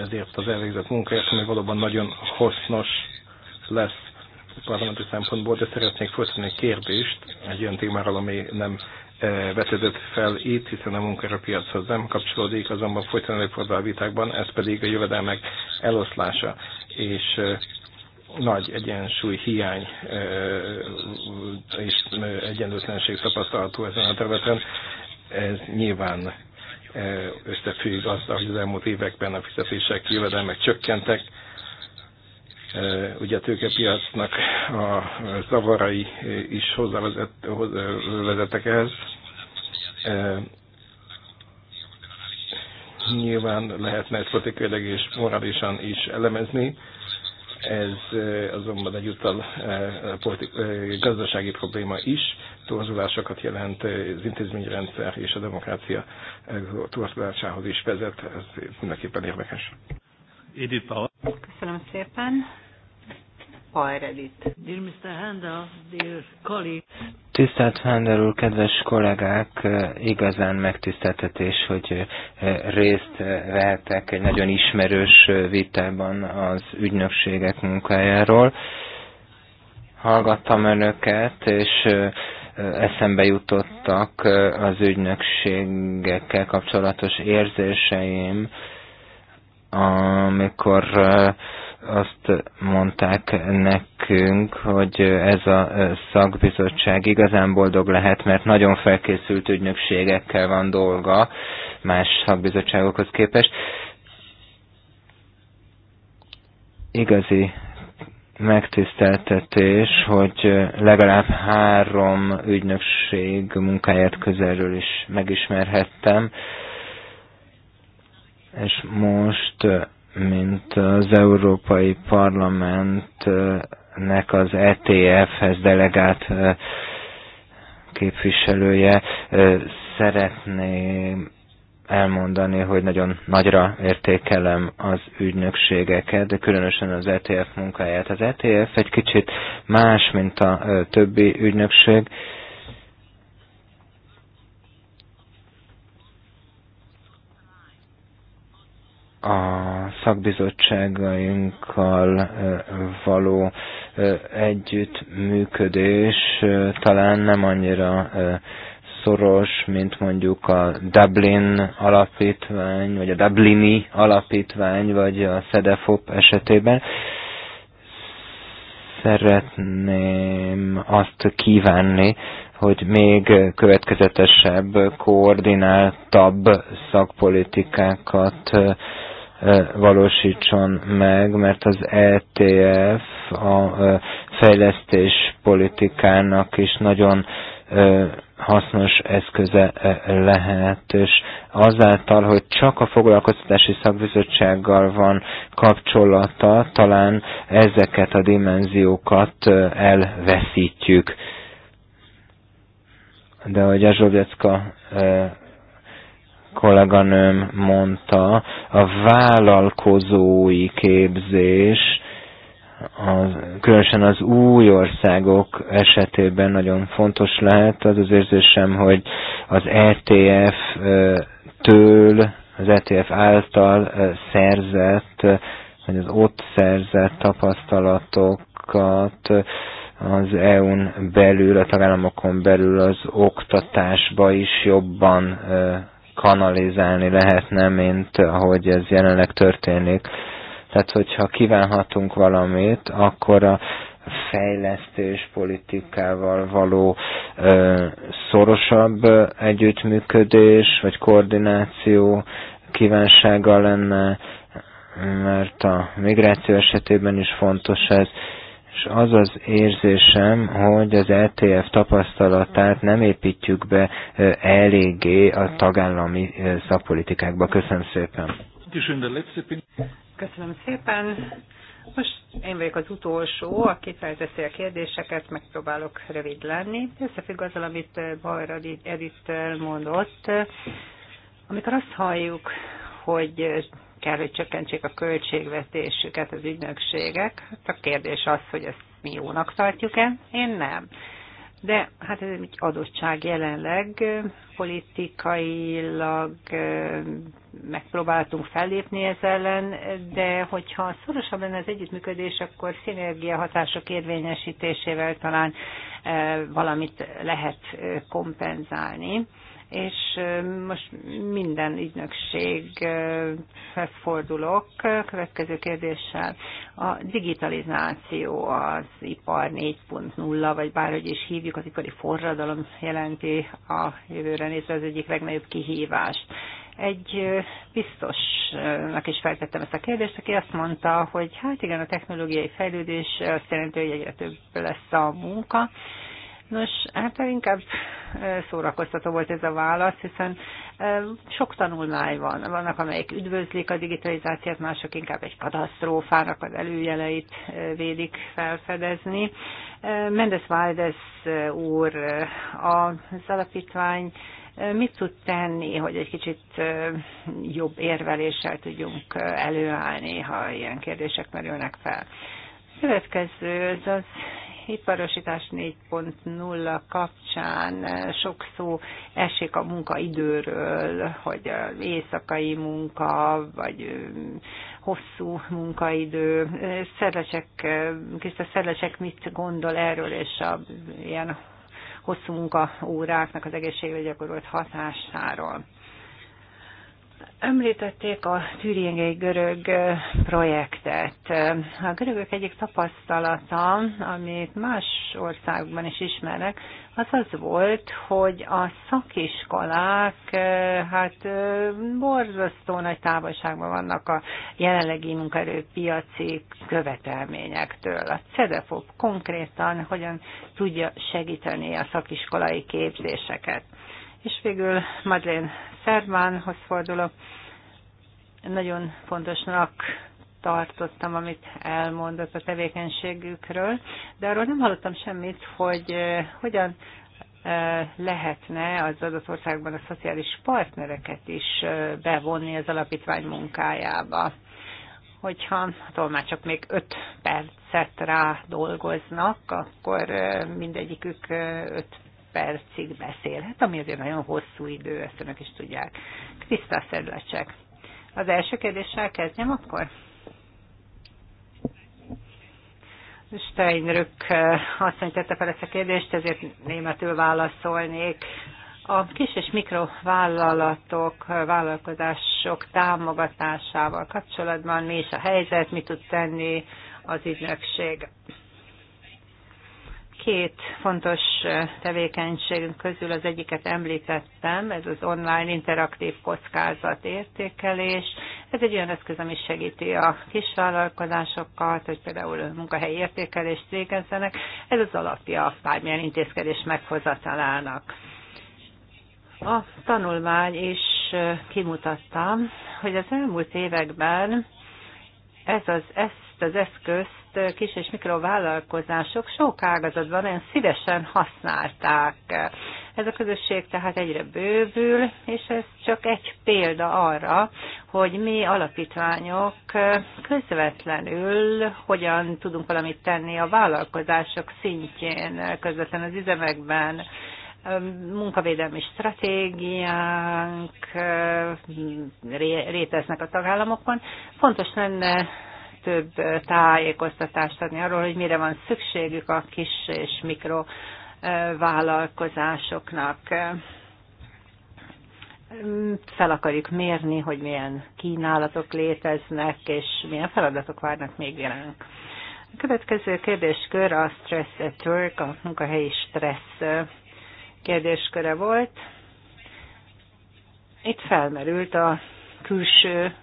ezért az elvégzett munkáért, ami valóban nagyon hasznos lesz parlamenti szempontból, de szeretnék folytatni egy kérdést egy olyan témáról, ami nem e, vetődött fel itt, hiszen a munkaerőpiachoz nem kapcsolódik, azonban folyton előfordul a vitákban, ez pedig a jövedelmek eloszlása és e, nagy egyensúly hiány e, és egyenlőtlenség tapasztalható ezen a területen. Ez nyilván összefügg azzal, hogy az elmúlt években a fizetések, jövedelmek csökkentek, Eh, ugye a tőkepiacnak a zavarai eh, is hozzávezettek ehhez. Eh, nyilván lehetne ezt politikailag és morálisan is elemezni, ez azonban egyúttal gazdasági probléma is, torzulásokat jelent az intézményrendszer és a demokrácia torzulásához is vezet, ez mindenképpen érdekes. Köszönöm szépen hajredit. Dear Mr. Handel, dear colleagues. Tisztelt Fender úr, kedves kollégák, eh, igazán megtiszteltetés, hogy eh, részt eh, vehetek egy nagyon ismerős vitában az ügynökségek munkájáról. Hallgattam önöket, és eszembe jutottak az ügynökségekkel kapcsolatos érzéseim, amikor azt mondták nekünk, hogy ez a szakbizottság igazán boldog lehet, mert nagyon felkészült ügynökségekkel van dolga más szakbizottságokhoz képest. Igazi megtiszteltetés, hogy legalább három ügynökség munkáját közelről is megismerhettem, és most mint az Európai Parlamentnek az ETF-hez delegált képviselője, szeretném elmondani, hogy nagyon nagyra értékelem az ügynökségeket, de különösen az ETF munkáját. Az ETF egy kicsit más, mint a többi ügynökség, a szakbizottságainkkal való együttműködés talán nem annyira szoros, mint mondjuk a Dublin alapítvány, vagy a Dublini alapítvány, vagy a SEDEFOP esetében. Szeretném azt kívánni, hogy még következetesebb, koordináltabb szakpolitikákat valósítson meg, mert az ETF a fejlesztés politikának is nagyon hasznos eszköze lehet, és azáltal, hogy csak a foglalkoztatási szakbizottsággal van kapcsolata, talán ezeket a dimenziókat elveszítjük. De ahogy Azsovjecka kolléganőm mondta, a vállalkozói képzés, az, különösen az új országok esetében nagyon fontos lehet. Az az érzésem, hogy az ETF-től, az ETF által eh, szerzett, eh, vagy az ott szerzett tapasztalatokat eh, az EU-n belül, a tagállamokon belül az oktatásba is jobban kanalizálni lehetne, mint ahogy ez jelenleg történik. Tehát, hogyha kívánhatunk valamit, akkor a fejlesztés politikával való ö, szorosabb együttműködés vagy koordináció kívánsága lenne, mert a migráció esetében is fontos ez. Ö, és az az érzésem, hogy az ETF tapasztalatát nem építjük be eléggé a tagállami szakpolitikákba. Köszönöm szépen. Köszönöm szépen. Most én vagyok az utolsó, aki felteszi a kérdéseket, megpróbálok rövid lenni. Összefügg azzal, amit Bajra Edith mondott. Amikor azt halljuk, hogy kell, hogy csökkentsék a költségvetésüket az ügynökségek. Hát a kérdés az, hogy ezt mi jónak tartjuk-e? Én nem. De hát ez egy adottság jelenleg, politikailag megpróbáltunk fellépni ez ellen, de hogyha szorosabb lenne az együttműködés, akkor szinergia hatások érvényesítésével talán valamit lehet kompenzálni és most minden ügynökség fordulok. Következő kérdéssel. A digitalizáció az ipar 4.0, vagy bárhogy is hívjuk, az ipari forradalom jelenti a jövőre nézve az egyik legnagyobb kihívást egy biztosnak is feltettem ezt a kérdést, aki azt mondta, hogy hát igen, a technológiai fejlődés azt jelenti, hogy egyre több lesz a munka, Nos, hát inkább szórakoztató volt ez a válasz, hiszen sok tanulmány van. Vannak, amelyek üdvözlik a digitalizációt, mások inkább egy katasztrófának az előjeleit védik felfedezni. Mendes Valdes úr, az alapítvány mit tud tenni, hogy egy kicsit jobb érveléssel tudjunk előállni, ha ilyen kérdések merülnek fel? Következő az az iparosítás 4.0 kapcsán sok szó esik a munkaidőről, hogy éjszakai munka, vagy hosszú munkaidő. Szerlecsek, Krisztus Szerlecsek mit gondol erről, és a ilyen hosszú munkaóráknak az egészségre gyakorolt hatásáról? Említették a türingei görög projektet. A görögök egyik tapasztalata, amit más országokban is ismernek, az az volt, hogy a szakiskolák hát borzasztó nagy távolságban vannak a jelenlegi munkaerőpiaci követelményektől. A CEDEFOP konkrétan hogyan tudja segíteni a szakiskolai képzéseket. És végül Madeleine Szervánhoz fordulok. Nagyon fontosnak tartottam, amit elmondott a tevékenységükről, de arról nem hallottam semmit, hogy eh, hogyan eh, lehetne az adott országban a szociális partnereket is eh, bevonni az alapítvány munkájába. Hogyha már tolmácsok még 5 percet rá dolgoznak, akkor mindegyikük 5 percig Hát ami azért nagyon hosszú idő, ezt önök is tudják. Krisztá Szedlecsek. Az első kérdéssel kezdjem akkor? Steinrück mondja, eh, tette fel ezt a kérdést, ezért németül válaszolnék. A kis és mikrovállalatok, eh, vállalkozások támogatásával kapcsolatban mi is a helyzet, mit tud tenni az ügynökség? két fontos tevékenység közül az egyiket említettem, ez az online interaktív kockázat értékelés. Ez egy olyan eszköz, ami segíti a kisvállalkozásokat, hogy például munkahelyi értékelést végezzenek. Ez az alapja bármilyen intézkedés meghozatalának. A tanulmány is kimutatta, hogy az elmúlt években ez az, ezt az eszközt ezt kis és mikrovállalkozások sok ágazatban nagyon szívesen használták. Ez a közösség tehát egyre bővül, és ez csak egy példa arra, hogy mi alapítványok közvetlenül hogyan tudunk valamit tenni a vállalkozások szintjén, közvetlen az üzemekben, munkavédelmi stratégiánk réteznek a tagállamokon. Fontos lenne több tájékoztatást adni arról, hogy mire van szükségük a kis és mikro vállalkozásoknak. Fel akarjuk mérni, hogy milyen kínálatok léteznek, és milyen feladatok várnak még ránk. A következő kérdéskör a stress at work, a munkahelyi stressz kérdésköre volt. Itt felmerült a külső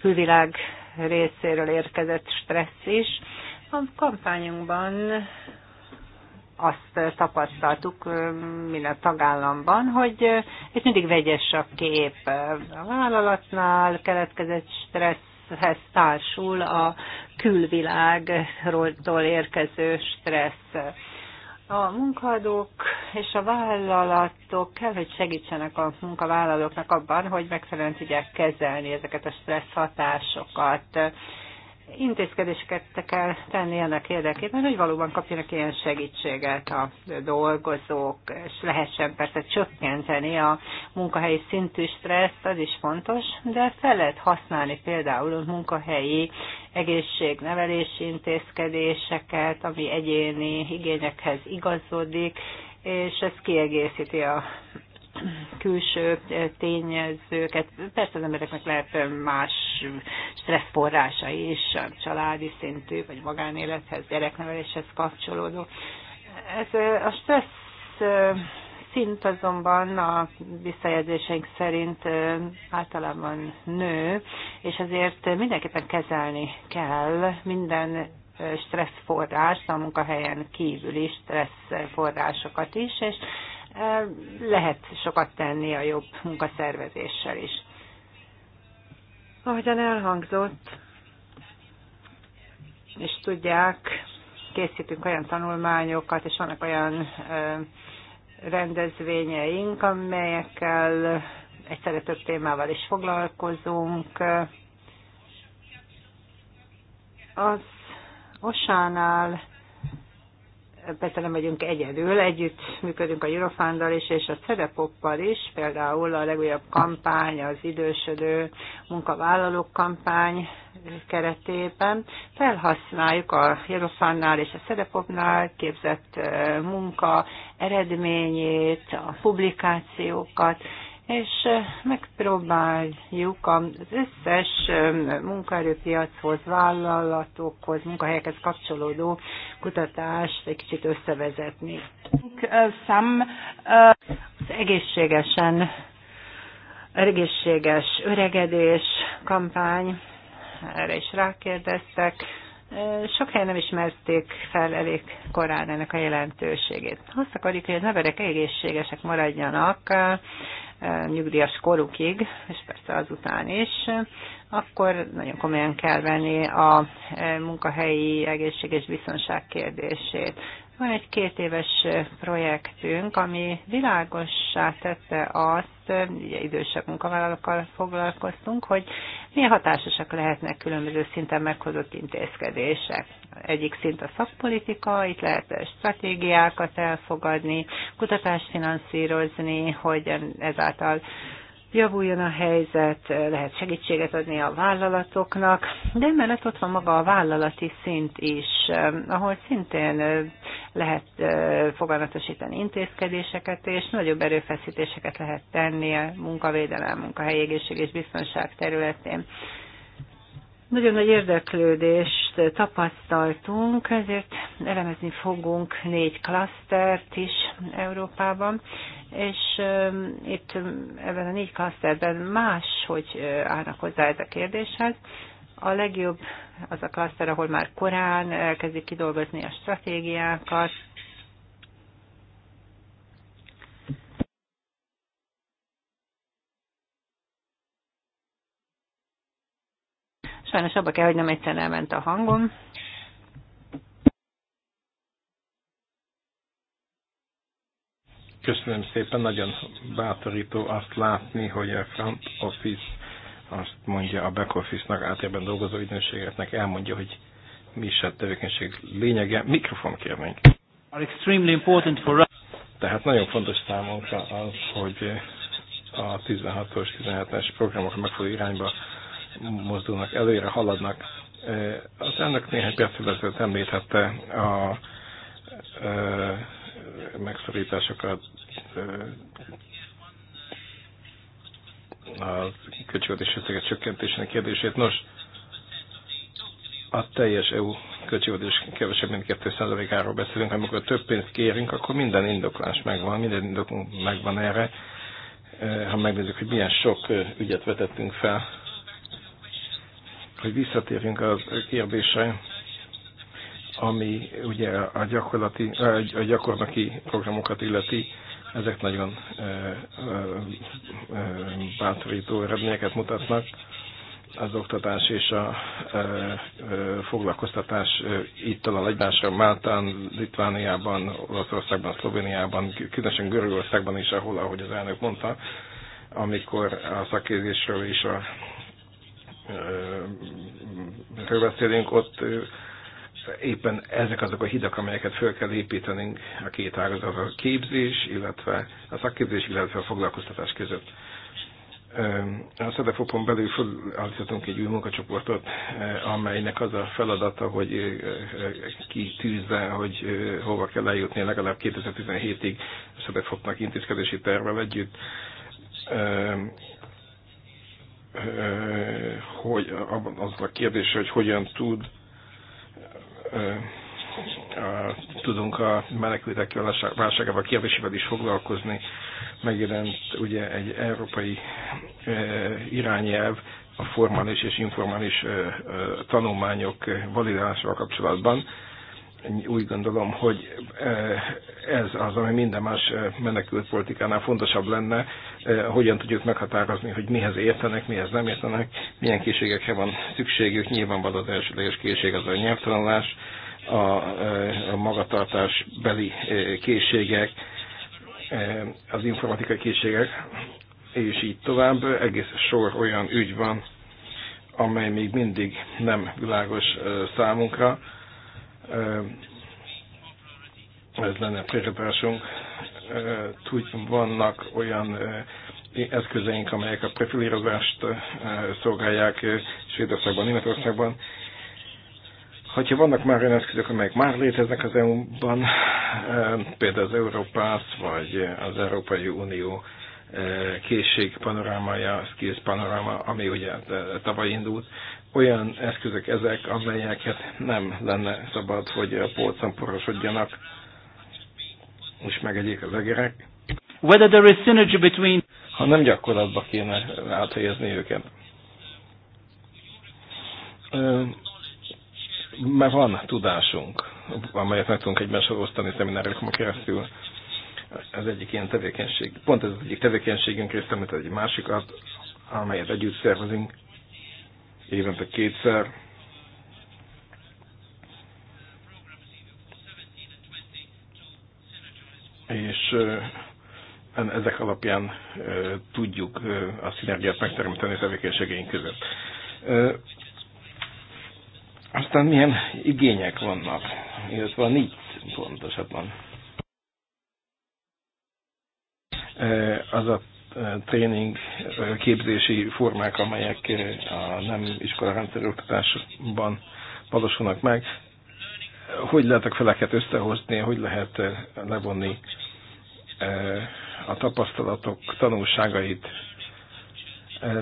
külvilág részéről érkezett stressz is. A kampányunkban azt tapasztaltuk minden tagállamban, hogy itt mindig vegyes a kép. A vállalatnál keletkezett stresszhez társul a külvilágról érkező stressz a munkadók és a vállalatok kell, hogy segítsenek a munkavállalóknak abban, hogy megfelelően tudják kezelni ezeket a stressz hatásokat intézkedéseket kell tenni ennek érdekében, hogy valóban kapjanak ilyen segítséget a dolgozók, és lehessen persze csökkenteni a munkahelyi szintű stresszt, az is fontos, de fel lehet használni például a munkahelyi egészségnevelési intézkedéseket, ami egyéni igényekhez igazodik, és ez kiegészíti a külső tényezőket. Persze az embereknek lehet más stresszforrása is, a családi szintű, vagy magánélethez, gyerekneveléshez kapcsolódó. Ez a stressz szint azonban a visszajelzéseink szerint általában nő, és ezért mindenképpen kezelni kell minden stresszforrást, a munkahelyen kívüli stresszforrásokat is, és lehet sokat tenni a jobb munkaszervezéssel is. Ahogyan elhangzott, és tudják, készítünk olyan tanulmányokat, és vannak olyan rendezvényeink, amelyekkel egyszerre több témával is foglalkozunk. Az Osánál persze nem megyünk egyedül, együtt működünk a Eurofunddal is, és a Cerepoppal is, például a legújabb kampány, az idősödő munkavállalók kampány keretében. Felhasználjuk a Eurofundnál és a Cerepopnál képzett eh, munka eredményét, a publikációkat, és megpróbáljuk az összes munkaerőpiachoz, vállalatokhoz, munkahelyekhez kapcsolódó kutatást egy kicsit összevezetni. Az egészségesen, egészséges öregedés kampány, erre is rákérdeztek, sok helyen nem ismerték fel elég korán ennek a jelentőségét. Azt akarjuk, hogy az emberek egészségesek maradjanak nyugdíjas korukig, és persze azután is, akkor nagyon komolyan kell venni a munkahelyi egészség és biztonság kérdését. Van egy két éves projektünk, ami világossá tette azt, ugye idősebb munkavállalókkal foglalkoztunk, hogy milyen hatásosak lehetnek különböző szinten meghozott intézkedések. Egyik szint a szakpolitika, itt lehet stratégiákat elfogadni, kutatást finanszírozni, hogy ezáltal javuljon a helyzet, lehet segítséget adni a vállalatoknak, de emellett ott van maga a vállalati szint is, ahol szintén lehet eh, fogalmatosítani intézkedéseket, és nagyobb erőfeszítéseket lehet tenni a munkavédelem, munkahelyi egészség és biztonság területén. Nagyon nagy érdeklődést tapasztaltunk, ezért elemezni fogunk négy klasztert is Európában, és itt ebben a négy klaszterben más, hogy állnak hozzá ez a kérdéshez. A legjobb az a klaszter, ahol már korán elkezdik kidolgozni a stratégiákat, Sajnos abba kell, hogy nem egyszerűen elment a hangom. Köszönöm szépen, nagyon bátorító azt látni, hogy a front office azt mondja a back office-nak, általában dolgozó ügynökségeknek elmondja, hogy mi is a tevékenység lényege. Mikrofon kérnénk. Tehát nagyon fontos számunkra az, hogy a 16-os, 17-es programok megfelelő irányba mozdulnak előre, haladnak. Az elnök néhány perccel ezelőtt említette a megszorításokat a költségvetés összeget csökkentésének kérdését. Nos, a teljes EU költségvetés kevesebb, mint 2%-áról beszélünk, amikor több pénzt kérünk, akkor minden indoklás megvan, minden indokunk megvan erre. Ha megnézzük, hogy milyen sok ügyet vetettünk fel hogy visszatérjünk az kérdésre, ami ugye a, gyakorlati, a gyakornoki programokat illeti, ezek nagyon ö, bátorító eredményeket mutatnak. Az oktatás és a ö, ö, foglalkoztatás itt a egymásra Máltán, Litvániában, Olaszországban, Szlovéniában, különösen Görögországban is, ahol, ahogy az elnök mondta, amikor a szakképzésről és a ről beszélünk, ott éppen ezek azok a hidak, amelyeket föl kell építenünk a két ágazat, a képzés, illetve a szakképzés, illetve a foglalkoztatás között. A Szedefopon belül felállítottunk egy új munkacsoportot, amelynek az a feladata, hogy ki tűzze, hogy hova kell eljutni legalább 2017-ig a Szedefopnak intézkedési tervvel együtt hogy az a kérdés, hogy hogyan tud tudunk a menekültek válságával, kérdésével is foglalkozni. Megjelent ugye egy európai e, irányelv a formális és informális e, e, tanulmányok validálásával kapcsolatban úgy gondolom, hogy e, ez az, ami minden más e, menekült politikánál fontosabb lenne, e, hogyan tudjuk meghatározni, hogy mihez értenek, mihez nem értenek, milyen készségekre van szükségük, nyilvánvaló az elsődleges készség az a nyelvtanulás, a, a magatartás beli készségek, az informatikai készségek, és így tovább. Egész sor olyan ügy van, amely még mindig nem világos számunkra ez lenne a prioritásunk. Vannak olyan eszközeink, amelyek a profilérozást szolgálják Svédországban, Németországban. Hogyha vannak már olyan eszközök, amelyek már léteznek az EU-ban, például az Európász vagy az Európai Unió készség panorámája, skills panoráma, ami ugye tavaly indult, olyan eszközök ezek, amelyeket nem lenne szabad, hogy a polcon porosodjanak, és megegyék az egerek. Whether there is synergy between... Ha nem gyakorlatba kéne áthelyezni őket. Mert van tudásunk, amelyet meg tudunk egymáshoz osztani szemináriumokon keresztül. Ez egyik ilyen tevékenység. Pont ez az egyik tevékenységünk részt, amit egy másikat, amelyet együtt szervezünk évente kétszer. És ezek alapján tudjuk a szinergiát megteremteni a tevékenységeink között. Aztán milyen igények vannak, illetve van így pontosabban. Az a tréning, képzési formák, amelyek eh, a nem iskolarendszerű oktatásban valósulnak meg. Hogy lehet a feleket összehozni, hogy lehet eh, levonni eh, a tapasztalatok tanulságait,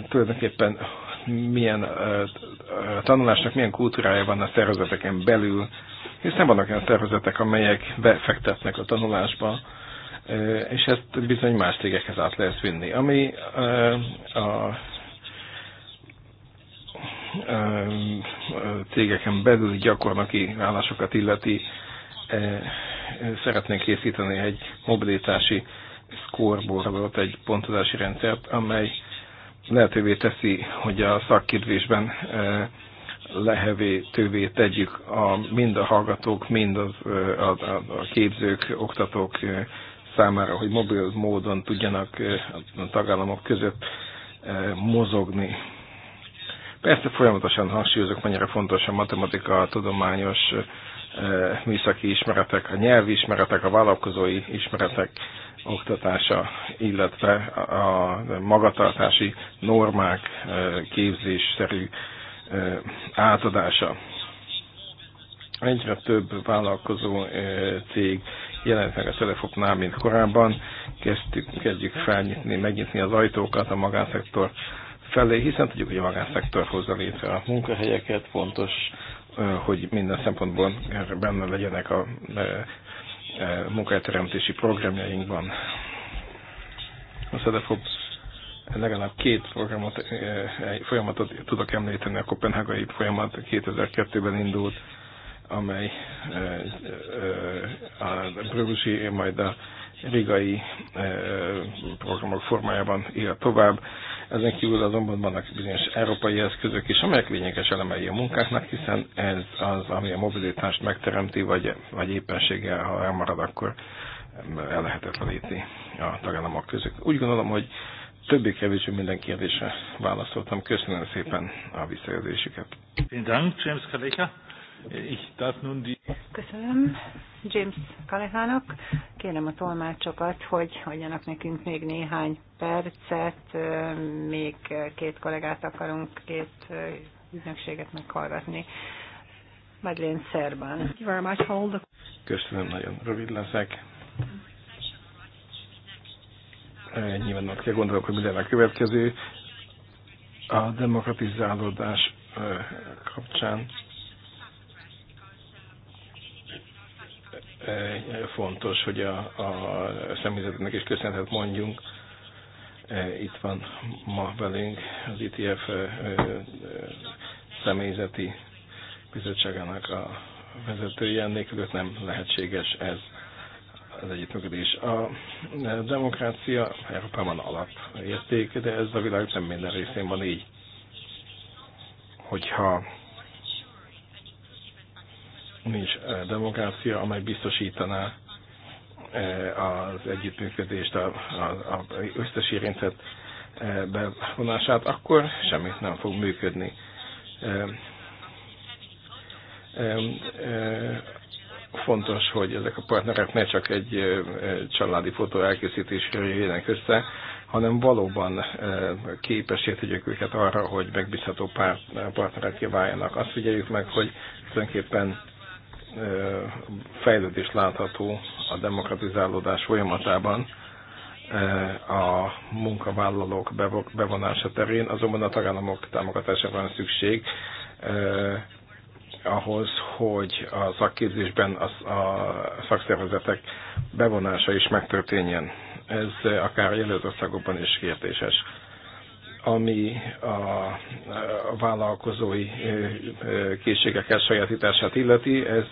tulajdonképpen milyen tanulásnak milyen kultúrája van a szervezeteken belül, hiszen vannak olyan szervezetek, amelyek befektetnek a tanulásba, és ezt bizony más cégekhez át lehet vinni. Ami a cégeken belül gyakornoki állásokat illeti, szeretnénk készíteni egy mobilitási scoreboardot, egy pontozási rendszert, amely lehetővé teszi, hogy a szakképzésben lehetővé tegyük a, mind a hallgatók, mind az, a, a, a képzők, oktatók számára, hogy mobil módon tudjanak a tagállamok között mozogni. Persze folyamatosan hangsúlyozok, mennyire fontos a matematika, a tudományos, műszaki ismeretek, a nyelvi ismeretek, a vállalkozói ismeretek oktatása, illetve a magatartási normák képzésszerű átadása. Egyre több vállalkozó cég meg a szörefoknál, mint korábban. Kezdjük, kezdjük felnyitni, megnyitni az ajtókat a magánszektor felé, hiszen tudjuk, hogy a magánszektor hozza létre a munkahelyeket, fontos, hogy minden szempontból benne legyenek a munkahelyteremtési programjainkban. A Szedefop legalább két programot, folyamatot tudok említeni, a Kopenhágai folyamat 2002-ben indult, amely a brüggusi, majd a rigai programok formájában él tovább. Ezen kívül azonban vannak bizonyos európai eszközök is, amelyek lényeges elemei a munkáknak, hiszen ez az, ami a mobilitást megteremti, vagy, vagy éppenséggel, ha elmarad, akkor ellehetetleníti a tagállamok között. Úgy gondolom, hogy többé-kevésbé minden kérdésre válaszoltam. Köszönöm szépen a visszajelzésüket. Ich darf nun die... Köszönöm James Kalehának. Kérem a tolmácsokat, hogy hagyjanak nekünk még néhány percet. Még két kollégát akarunk, két ügynökséget meghallgatni. Madeleine Szerban. Köszönöm, nagyon rövid leszek. Nyilván azt kell gondolok, hogy minden a következő. A demokratizálódás kapcsán Eh, fontos, hogy a, a személyzetnek is köszönhet, mondjunk. Eh, itt van ma velünk az ITF eh, személyzeti bizottságának a vezetője, nélkül nem lehetséges ez az együttműködés. A demokrácia Európában alapérték, de ez a világ nem minden részén van így. Hogyha nincs eh, demokrácia, amely biztosítaná eh, az együttműködést, a, összes érintett eh, bevonását, akkor semmit nem fog működni. Fontos, hogy ezek a partnerek ne csak egy családi fotó elkészítésről jöjjenek össze, hanem valóban képesé tegyük őket arra, hogy megbízható partnerek váljanak. Azt figyeljük meg, hogy tulajdonképpen fejlődés látható a demokratizálódás folyamatában a munkavállalók bevonása terén, azonban a tagállamok támogatása van szükség ahhoz, hogy a szakképzésben a, szakszervezetek bevonása is megtörténjen. Ez akár jelölt országokban is kérdéses ami a vállalkozói készségek elsajátítását illeti, ez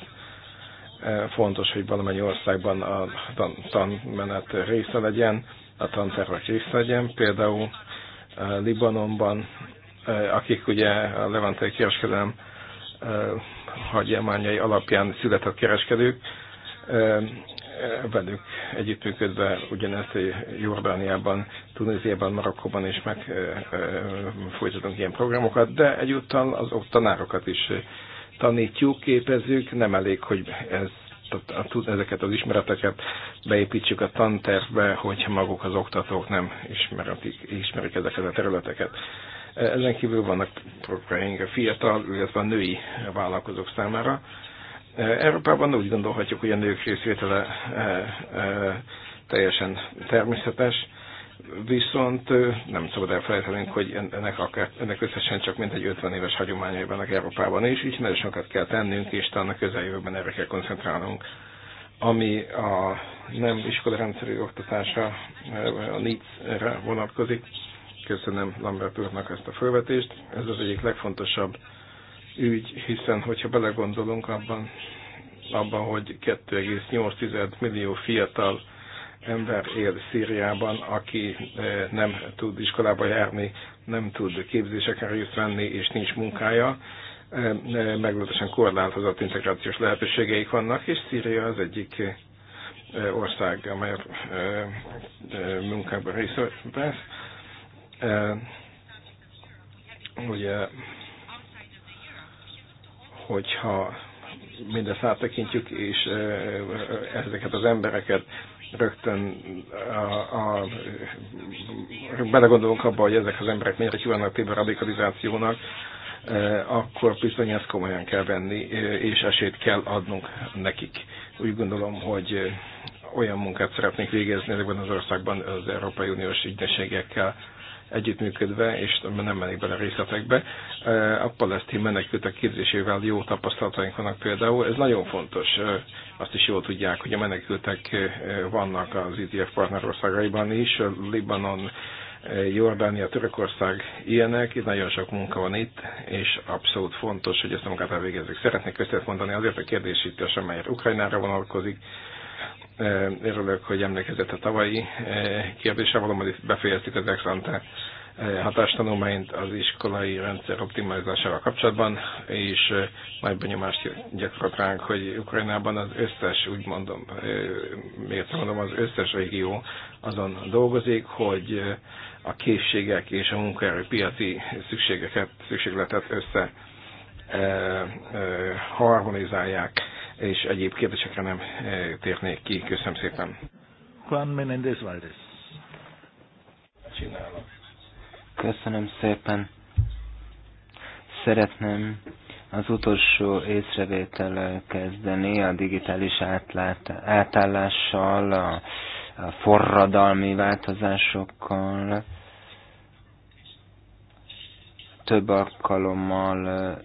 Fontos, hogy valamennyi országban a tanmenet része legyen, a tantervek része legyen. Például eh, Libanonban, eh, akik ugye a levantei kereskedelem eh, hagyományai alapján született kereskedők, velük együttműködve ugyanezt Jordániában, Tunéziában, Marokkóban is meg folytatunk ilyen programokat, de egyúttal az ott tanárokat is tanítjuk, képezzük, nem elég, hogy ez a ezeket az ismereteket beépítsük a tantervbe, hogyha maguk az oktatók nem ismeretik, ismerik ezeket a területeket. Ezen kívül vannak programjaink a fiatal, illetve a női vállalkozók számára. Európában úgy gondolhatjuk, hogy a nők részvétele eh, eh, teljesen természetes, Viszont nem szabad elfelejtenünk, hogy ennek, akár, ennek összesen csak mintegy 50 éves hagyományai vannak Európában is, így nagyon sokat kell tennünk, és talán a közeljövőben erre kell koncentrálnunk. Ami a nem iskolarendszerű oktatása, a NEEDS-re vonatkozik, köszönöm Lambert úrnak ezt a felvetést. Ez az egyik legfontosabb ügy, hiszen hogyha belegondolunk abban, abban hogy 2,8 millió fiatal ember él Szíriában, aki eh, nem tud iskolába járni, nem tud képzéseken részt venni, és nincs munkája. Eh, eh, meglehetősen korlátozott integrációs lehetőségeik vannak, és Szíria az egyik ország, amely munkában részt vesz. Ugye, hogyha mindezt áttekintjük, és ezeket az embereket rögtön a, a, belegondolunk abba, hogy ezek az emberek mennyire kívánnak téve radikalizációnak, e, akkor bizony ezt komolyan kell venni, e, és esélyt kell adnunk nekik. Úgy gondolom, hogy olyan munkát szeretnék végezni ezekben az országban az Európai Uniós ügynökségekkel, együttműködve, és nem mennék bele részletekbe, a palesztin menekültek képzésével jó tapasztalataink vannak például. Ez nagyon fontos. Azt is jól tudják, hogy a menekültek vannak az IDF partnerországaiban is, Libanon, Jordánia, Törökország ilyenek, itt nagyon sok munka van itt, és abszolút fontos, hogy ezt a munkát elvégezzük. Szeretnék köszönet mondani azért a kérdésítés, amelyet Ukrajnára vonalkozik, Örülök, hogy emlékezett a tavalyi kérdése, valóban befejeztük az Exante hatástanulmányt az iskolai rendszer optimalizásával kapcsolatban, és nagy benyomást gyakorolt ránk, hogy Ukrajnában az összes, úgy mondom, miért mondom, az összes régió azon dolgozik, hogy a készségek és a piaci szükségeket, szükségletet össze harmonizálják és egyéb kérdésekre nem eh, térnék ki. Köszönöm szépen. Juan Menéndez Valdez. Köszönöm szépen. Szeretném az utolsó észrevétel kezdeni a digitális átlát, átállással, a, a forradalmi változásokkal. Több alkalommal eh,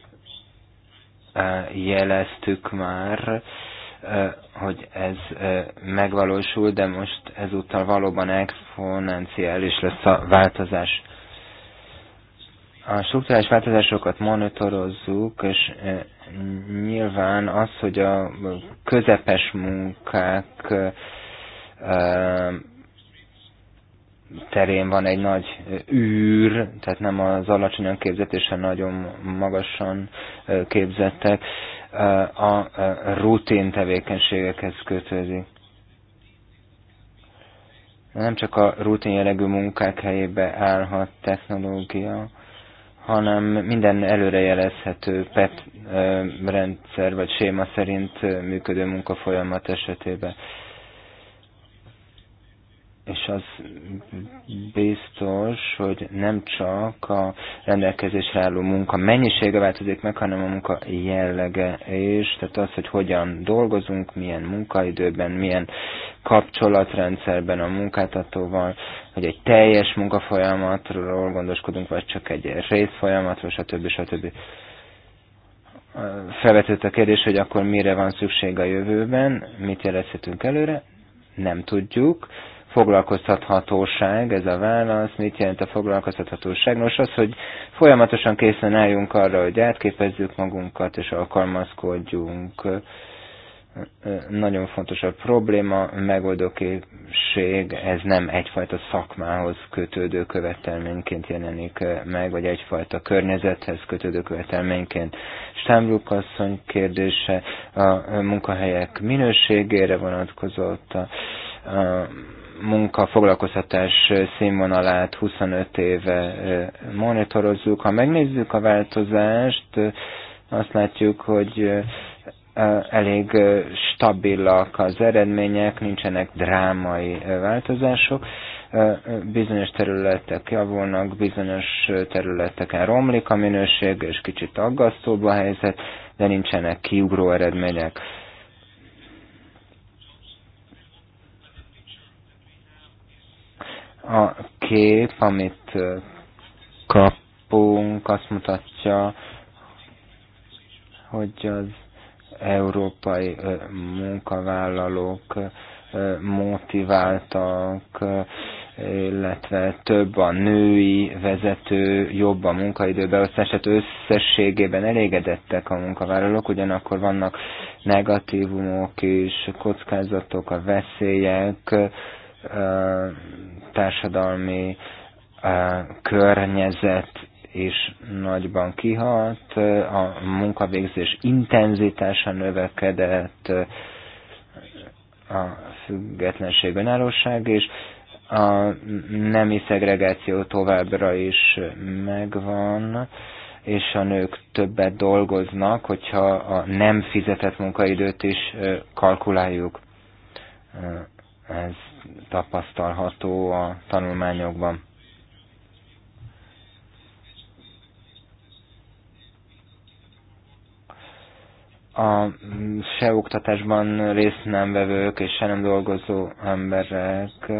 jeleztük már, hogy ez megvalósul, de most ezúttal valóban exponenciális lesz a változás. A struktúrális változásokat monitorozzuk, és nyilván az, hogy a közepes munkák terén van egy nagy űr, tehát nem az alacsonyan képzett és a nagyon magasan képzettek, a rutin tevékenységekhez kötődik. Nem csak a rutin jellegű munkák helyébe állhat technológia, hanem minden előrejelezhető PET rendszer vagy séma szerint működő munkafolyamat esetében és az biztos, hogy nem csak a rendelkezésre álló munka mennyisége változik meg, hanem a munka jellege is, tehát az, hogy hogyan dolgozunk, milyen munkaidőben, milyen kapcsolatrendszerben a munkáltatóval, hogy egy teljes munkafolyamatról gondoskodunk, vagy csak egy részfolyamatról, stb. stb. Felvetődött a kérdés, hogy akkor mire van szükség a jövőben, mit jelezhetünk előre, nem tudjuk foglalkoztathatóság, ez a válasz, mit jelent a foglalkoztathatóság? Nos, az, hogy folyamatosan készen álljunk arra, hogy átképezzük magunkat és alkalmazkodjunk. Nagyon fontos a probléma, megoldókészség, ez nem egyfajta szakmához kötődő követelményként jelenik meg, vagy egyfajta környezethez kötődő követelményként. Stámbruk asszony kérdése a munkahelyek minőségére vonatkozott, a a munkafoglalkoztatás színvonalát 25 éve monitorozzuk. Ha megnézzük a változást, azt látjuk, hogy elég stabilak az eredmények, nincsenek drámai változások. Bizonyos területek javulnak, bizonyos területeken romlik a minőség, és kicsit aggasztóbb a helyzet, de nincsenek kiugró eredmények A kép, amit kapunk, azt mutatja, hogy az európai munkavállalók motiváltak, illetve több a női vezető, jobb a munkaidőbeosztás, tehát összességében elégedettek a munkavállalók, ugyanakkor vannak negatívumok is, kockázatok, a veszélyek, társadalmi eh, környezet is nagyban kihalt a munkavégzés intenzitása növekedett, a függetlenség önállóság és a nemi szegregáció továbbra is megvan, és a nők többet dolgoznak, hogyha a nem fizetett munkaidőt is eh, kalkuláljuk. Eh, ez tapasztalható a tanulmányokban. a se oktatásban részt nem vevők és se nem dolgozó emberek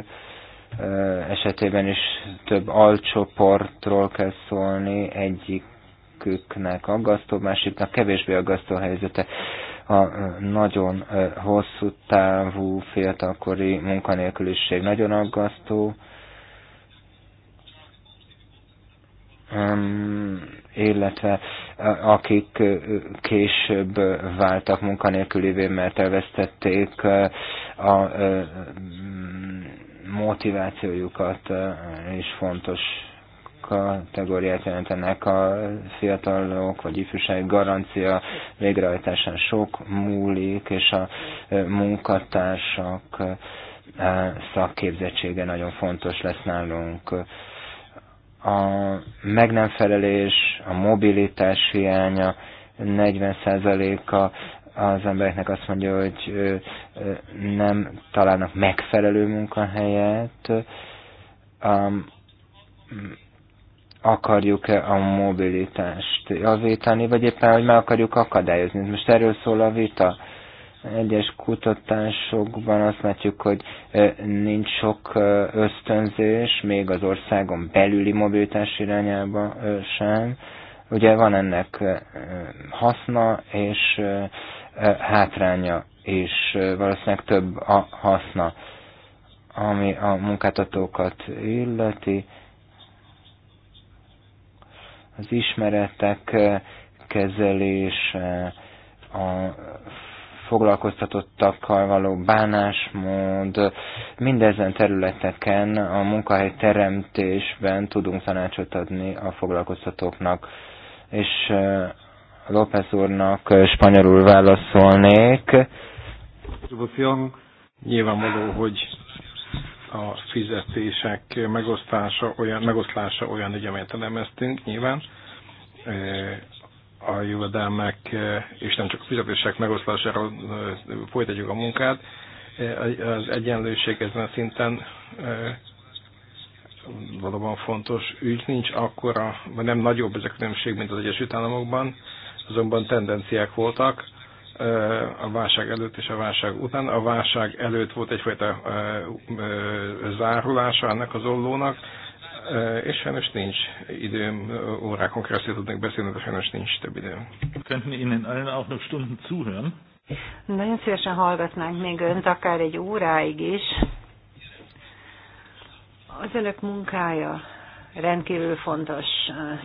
esetében is több alcsoportról kell szólni, egyiküknek aggasztó, másiknak kevésbé aggasztó helyzete a nagyon hosszú távú fiatalkori munkanélküliség nagyon aggasztó, illetve akik később váltak munkanélkülévé, mert elvesztették a motivációjukat, és fontos kategóriát jelentenek a fiatalok, vagy ifjúság garancia végrehajtásán sok múlik, és a munkatársak e, szakképzettsége nagyon fontos lesz nálunk. A meg nem felelés, a mobilitás hiánya, 40%-a az embereknek azt mondja, hogy nem találnak megfelelő munkahelyet, akarjuk-e a mobilitást javítani, vagy éppen, hogy meg akarjuk akadályozni. Most erről szól a vita. Egyes kutatásokban azt látjuk, hogy nincs sok ösztönzés, még az országon belüli mobilitás irányába sem. Ugye van ennek haszna és hátránya, és valószínűleg több a haszna, ami a munkáltatókat illeti az ismeretek kezelése, a foglalkoztatottakkal való bánásmód, mindezen területeken a munkahely teremtésben tudunk tanácsot adni a foglalkoztatóknak. És López úrnak spanyolul válaszolnék. Nyilvánvaló, hogy a fizetések megosztása, olyan, megoszlása olyan ügy, amelyet elemeztünk nyilván, e, a jövedelmek, e, és nem csak a fizetések megosztására e, folytatjuk a munkát. Az egyenlőség ezen a szinten valóban fontos ügy nincs akkora, vagy nem nagyobb ez a különbség, mint az Egyesült Államokban, azonban tendenciák voltak, a válság előtt és a válság után. A válság előtt volt egyfajta zárulása ennek az ollónak, és sajnos nincs időm, órákon keresztül tudnék beszélni, de sajnos nincs több időm. Nagyon szívesen hallgatnánk még önt, akár egy óráig is. Az önök munkája rendkívül fontos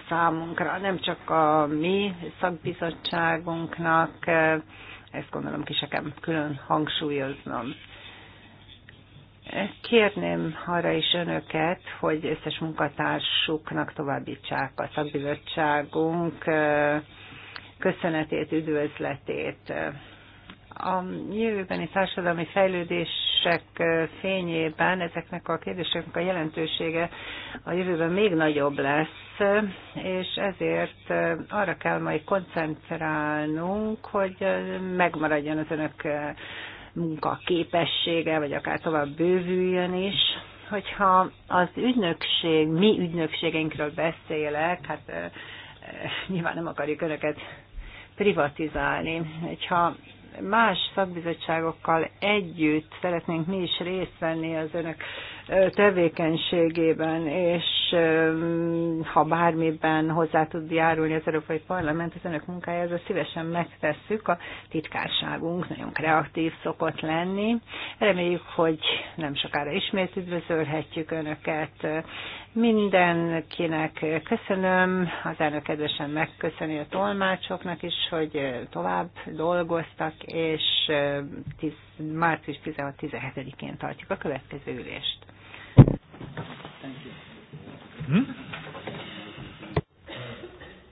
számunkra, nem csak a mi szakbizottságunknak, ezt gondolom ki sekem külön hangsúlyoznom. Kérném arra is önöket, hogy összes munkatársuknak továbbítsák a szakbizottságunk köszönetét, üdvözletét a jövőbeni társadalmi fejlődések fényében ezeknek a kérdéseknek a jelentősége a jövőben még nagyobb lesz, és ezért arra kell majd koncentrálnunk, hogy megmaradjon az önök munkaképessége, vagy akár tovább bővüljön is, hogyha az ügynökség, mi ügynökségeinkről beszélek, hát nyilván nem akarjuk önöket privatizálni. Hogyha más szakbizottságokkal együtt szeretnénk mi is részt venni az önök tevékenységében, és ha bármiben hozzá tud járulni az Európai Parlament az önök munkájához, szívesen megtesszük. A titkárságunk nagyon kreatív szokott lenni. Reméljük, hogy nem sokára ismét üdvözölhetjük önöket. Mindenkinek köszönöm, az elnök kedvesen megköszöni a tolmácsoknak is, hogy tovább dolgoztak, és 10, március 16-17-én tartjuk a következő ülést. Thank you. Hmm?